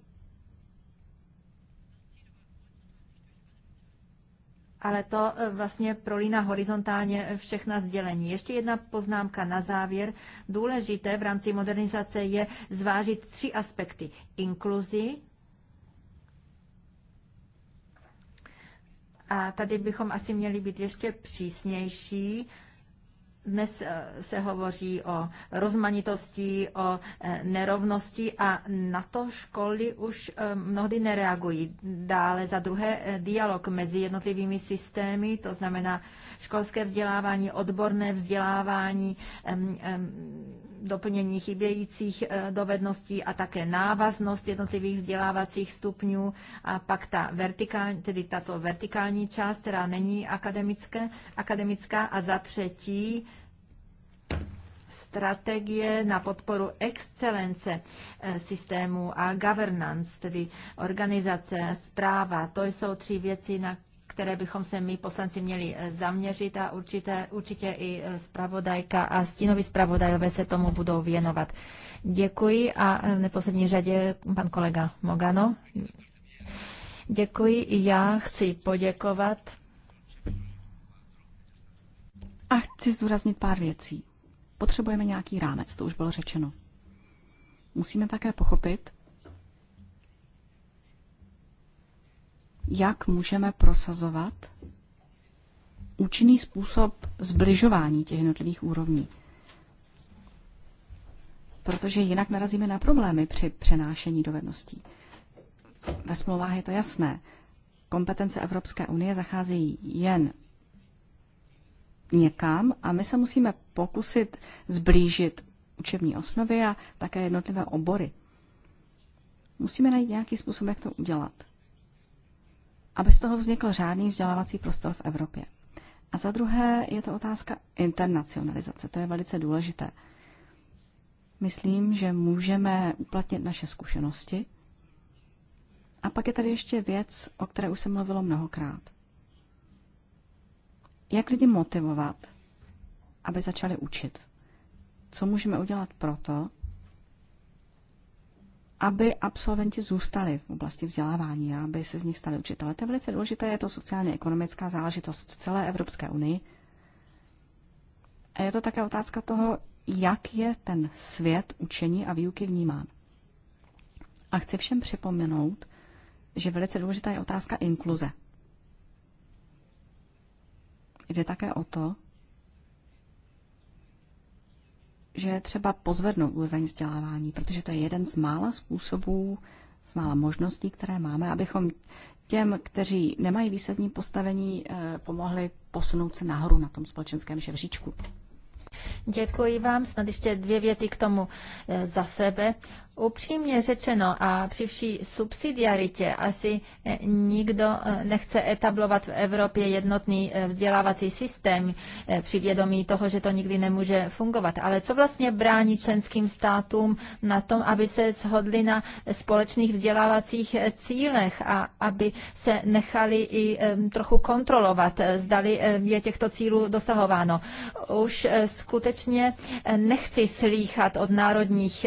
ale to e, vlastně prolíná horizontálně e, všechna sdělení. Ještě jedna poznámka na závěr. Důležité v rámci modernizace je zvážit tři aspekty. Inkluzi, a tady bychom asi měli být ještě přísnější dnes eh, se hovoří o rozmanitosti, o eh, nerovnosti a na to školy už eh, mnohdy nereagují. Dále za druhé dialog mezi jednotlivými systémy, to znamená školské vzdělávání, odborné vzdělávání, doplnění chybějících eh, dovedností a také návaznost jednotlivých vzdělávacích stupňů a pak ta vertikální, tedy tato vertikální část, která není akademické, akademická a za třetí strategie na podporu excelence eh, systému a governance, tedy organizace, zpráva. To jsou tři věci, na které bychom se my poslanci měli eh, zaměřit a určitě, určitě i eh, zpravodajka a stínoví zpravodajové se tomu budou věnovat. Děkuji a eh, v neposlední řadě pan kolega Mogano. Děkuji. Já chci poděkovat. A chci zdůraznit pár věcí. Potřebujeme nějaký rámec, to už bylo řečeno. Musíme také pochopit, jak můžeme prosazovat účinný způsob zbližování těch jednotlivých úrovní. Protože jinak narazíme na problémy při přenášení dovedností. Ve smlouvách je to jasné. Kompetence Evropské unie zacházejí jen někam a my se musíme pokusit zblížit učební osnovy a také jednotlivé obory. Musíme najít nějaký způsob, jak to udělat aby z toho vznikl řádný vzdělávací prostor v Evropě. A za druhé je to otázka internacionalizace. To je velice důležité. Myslím, že můžeme uplatnit naše zkušenosti. A pak je tady ještě věc, o které už se mluvilo mnohokrát. Jak lidi motivovat, aby začali učit? Co můžeme udělat proto, aby absolventi zůstali v oblasti vzdělávání a aby se z nich stali učitelé. To je velice důležité, je to sociálně ekonomická záležitost v celé Evropské unii. A je to také otázka toho, jak je ten svět učení a výuky vnímán. A chci všem připomenout, že velice důležitá je otázka inkluze. Jde také o to, že je třeba pozvednout úroveň vzdělávání, protože to je jeden z mála způsobů, z mála možností, které máme, abychom těm, kteří nemají výsadní postavení, eh, pomohli posunout se nahoru na tom společenském žebříčku. Děkuji vám. Snad ještě dvě věty k tomu eh, za sebe. Upřímně řečeno a při vší subsidiaritě asi eh, nikdo eh, nechce etablovat v Evropě jednotný eh, vzdělávací systém při vědomí toho, že to nikdy nemůže fungovat. Ale co vlastně brání členským státům na tom, aby se shodli na společných vzdělávacích cílech a aby se nechali i trochu kontrolovat, zdali je těchto cílů dosahováno. Už skutečně nechci slýchat od národních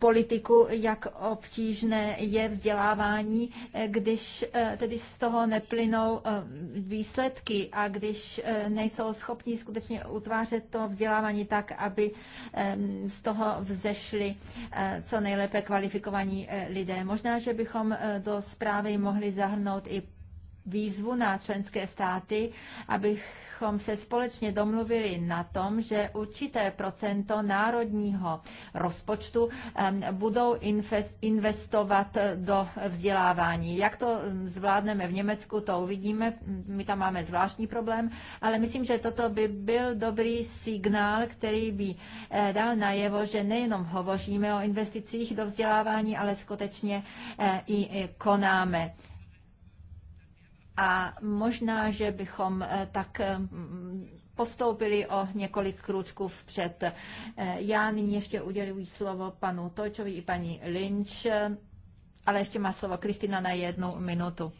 politiku, jak obtížné je vzdělávání, eh, když eh, tedy z toho neplynou eh, výsledky a když nejsou schopni skutečně utvářet to vzdělávání tak, aby z toho vzešli co nejlépe kvalifikovaní lidé. Možná, že bychom do zprávy mohli zahrnout i výzvu na členské státy, abychom se společně domluvili na tom, že určité procento národního rozpočtu budou investovat do vzdělávání. Jak to zvládneme v Německu, to uvidíme. My tam máme zvláštní problém, ale myslím, že toto by byl dobrý signál, který by eh, dal najevo, že nejenom hovoříme o investicích do vzdělávání, ale skutečně eh, i konáme a možná, že bychom eh, tak eh, postoupili o několik krůčků vpřed. Eh, já nyní ještě uděluji slovo panu Tojčovi i paní Lynch, ale ještě má slovo Kristina na jednu minutu.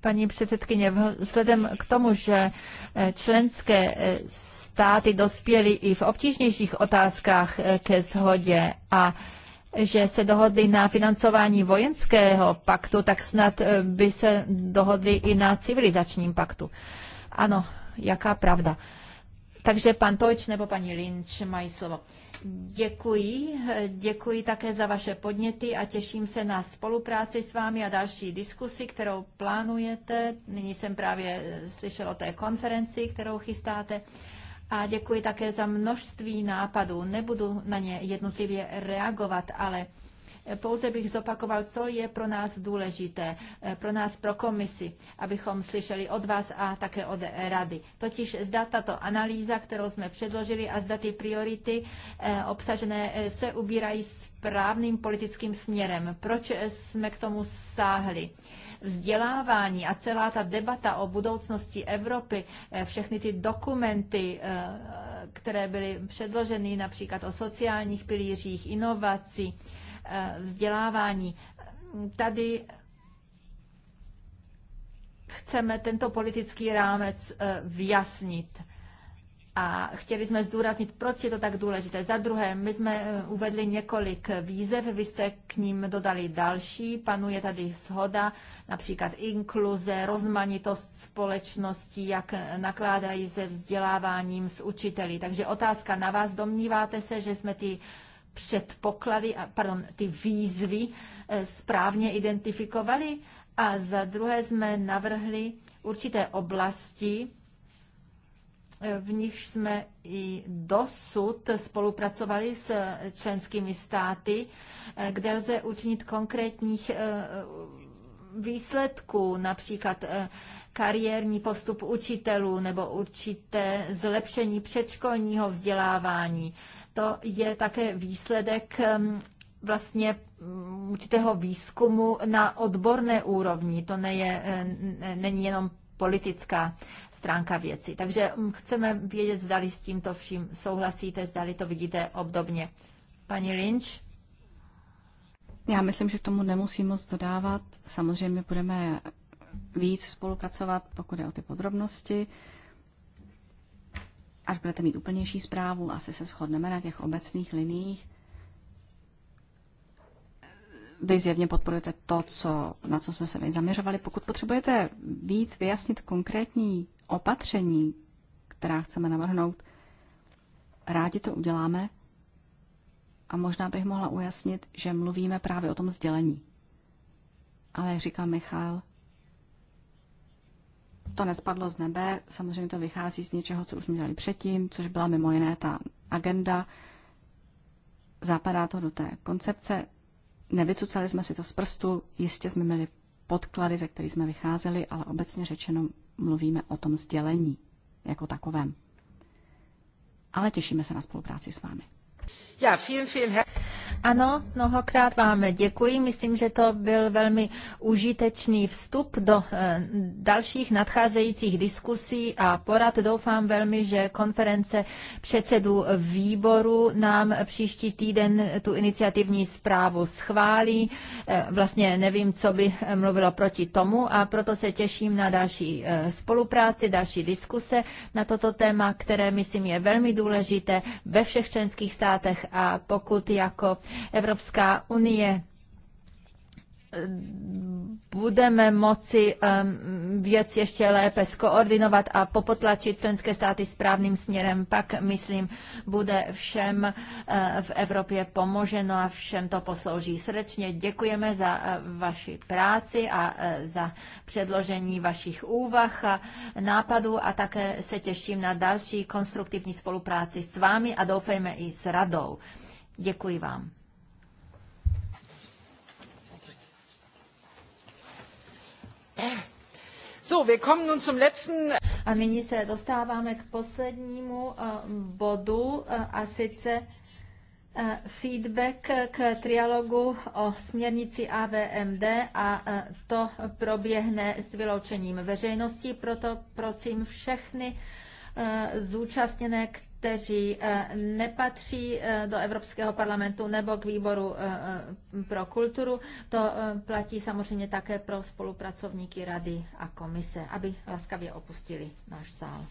Paní předsedkyně, vzhledem k tomu, že členské státy dospěly i v obtížnějších otázkách ke shodě a že se dohodli na financování vojenského paktu, tak snad eh, by se dohodli i na civilizačním paktu. Ano, jaká pravda. Takže pan Tojč nebo paní Lynč mají slovo. Děkuji, eh, děkuji také za vaše podněty a těším se na spolupráci s vámi a další diskusi, kterou plánujete. Nyní jsem právě eh, slyšel o té konferenci, kterou chystáte a děkuji také za množství nápadů. Nebudu na ně jednotlivě reagovat, ale pouze bych zopakoval, co je pro nás důležité, eh, pro nás, pro komisi, abychom slyšeli od vás a také od rady. Totiž zda tato analýza, kterou jsme předložili a zda ty priority eh, obsažené eh, se ubírají správným politickým směrem. Proč jsme k tomu sáhli? vzdělávání a celá ta debata o budoucnosti Evropy, eh, všechny ty dokumenty, eh, které byly předloženy například o sociálních pilířích, inovací, eh, vzdělávání. Tady chceme tento politický rámec vyjasnit a chtěli jsme zdůraznit, proč je to tak důležité. Za druhé, my jsme eh, uvedli několik výzev, vy jste k ním dodali další, panuje tady shoda, například inkluze, rozmanitost společnosti, jak nakládají se vzděláváním s učiteli. Takže otázka na vás, domníváte se, že jsme ty předpoklady, pardon, ty výzvy eh, správně identifikovali? A za druhé jsme navrhli určité oblasti, v nich jsme i dosud spolupracovali s členskými státy, eh, kde lze učinit konkrétních eh, výsledků, například eh, kariérní postup učitelů nebo určité zlepšení předškolního vzdělávání. To je také výsledek ehm, vlastně mm, určitého výzkumu na odborné úrovni. To neje, není jenom politická stránka věci. Takže mm, chceme vědět, zdali s tímto vším souhlasíte, zdali to vidíte obdobně. Pani Lynch? Já myslím, že k tomu nemusím moc dodávat. Samozřejmě budeme víc spolupracovat, pokud je o ty podrobnosti. Až budete mít úplnější zprávu, asi se shodneme na těch obecných liních. Vy zjevně podporujete to, co, na co jsme se my zaměřovali. Pokud potřebujete víc vyjasnit konkrétní opatření, která chceme navrhnout, rádi to uděláme a možná bych mohla ujasnit, že mluvíme právě o tom sdělení. Ale jak říkal Michal, to nespadlo z nebe, samozřejmě to vychází z něčeho, co už jsme dělali předtím, což byla mimo jiné ta agenda. Zapadá to do té koncepce, nevycucali jsme si to z prstu, jistě jsme měli podklady, ze kterých jsme vycházeli, ale obecně řečeno mluvíme o tom sdělení jako takovém. Ale těšíme se na spolupráci s vámi ano, mnohokrát vám děkuji. Myslím, že to byl velmi užitečný vstup do eh, dalších nadcházejících diskusí a porad. Doufám velmi, že konference předsedů výboru nám příští týden tu iniciativní zprávu schválí. Eh, vlastně nevím, co by mluvilo proti tomu a proto se těším na další eh, spolupráci, další diskuse na toto téma, které myslím je velmi důležité ve všech členských státech státech a pokud jako Evropská unie budeme moci um, věc ještě lépe skoordinovat a popotlačit členské státy správným směrem, pak, myslím, bude všem uh, v Evropě pomoženo a všem to poslouží. Srdečně děkujeme za uh, vaši práci a uh, za předložení vašich úvah a nápadů a také se těším na další konstruktivní spolupráci s vámi a doufejme i s radou. Děkuji vám. So, wir kommen nun zum letzten... A nyní se dostáváme k poslednímu eh, bodu, eh, a sice eh, feedback k trialogu o směrnici AVMD a to proběhne s vyloučením veřejnosti, proto prosím všechny zúčastněné, kteří eh, nepatří eh, do Evropského parlamentu nebo k výboru eh, pro kulturu. To platí samozřejmě také pro spolupracovníky rady a komise, aby laskavě opustili náš sál.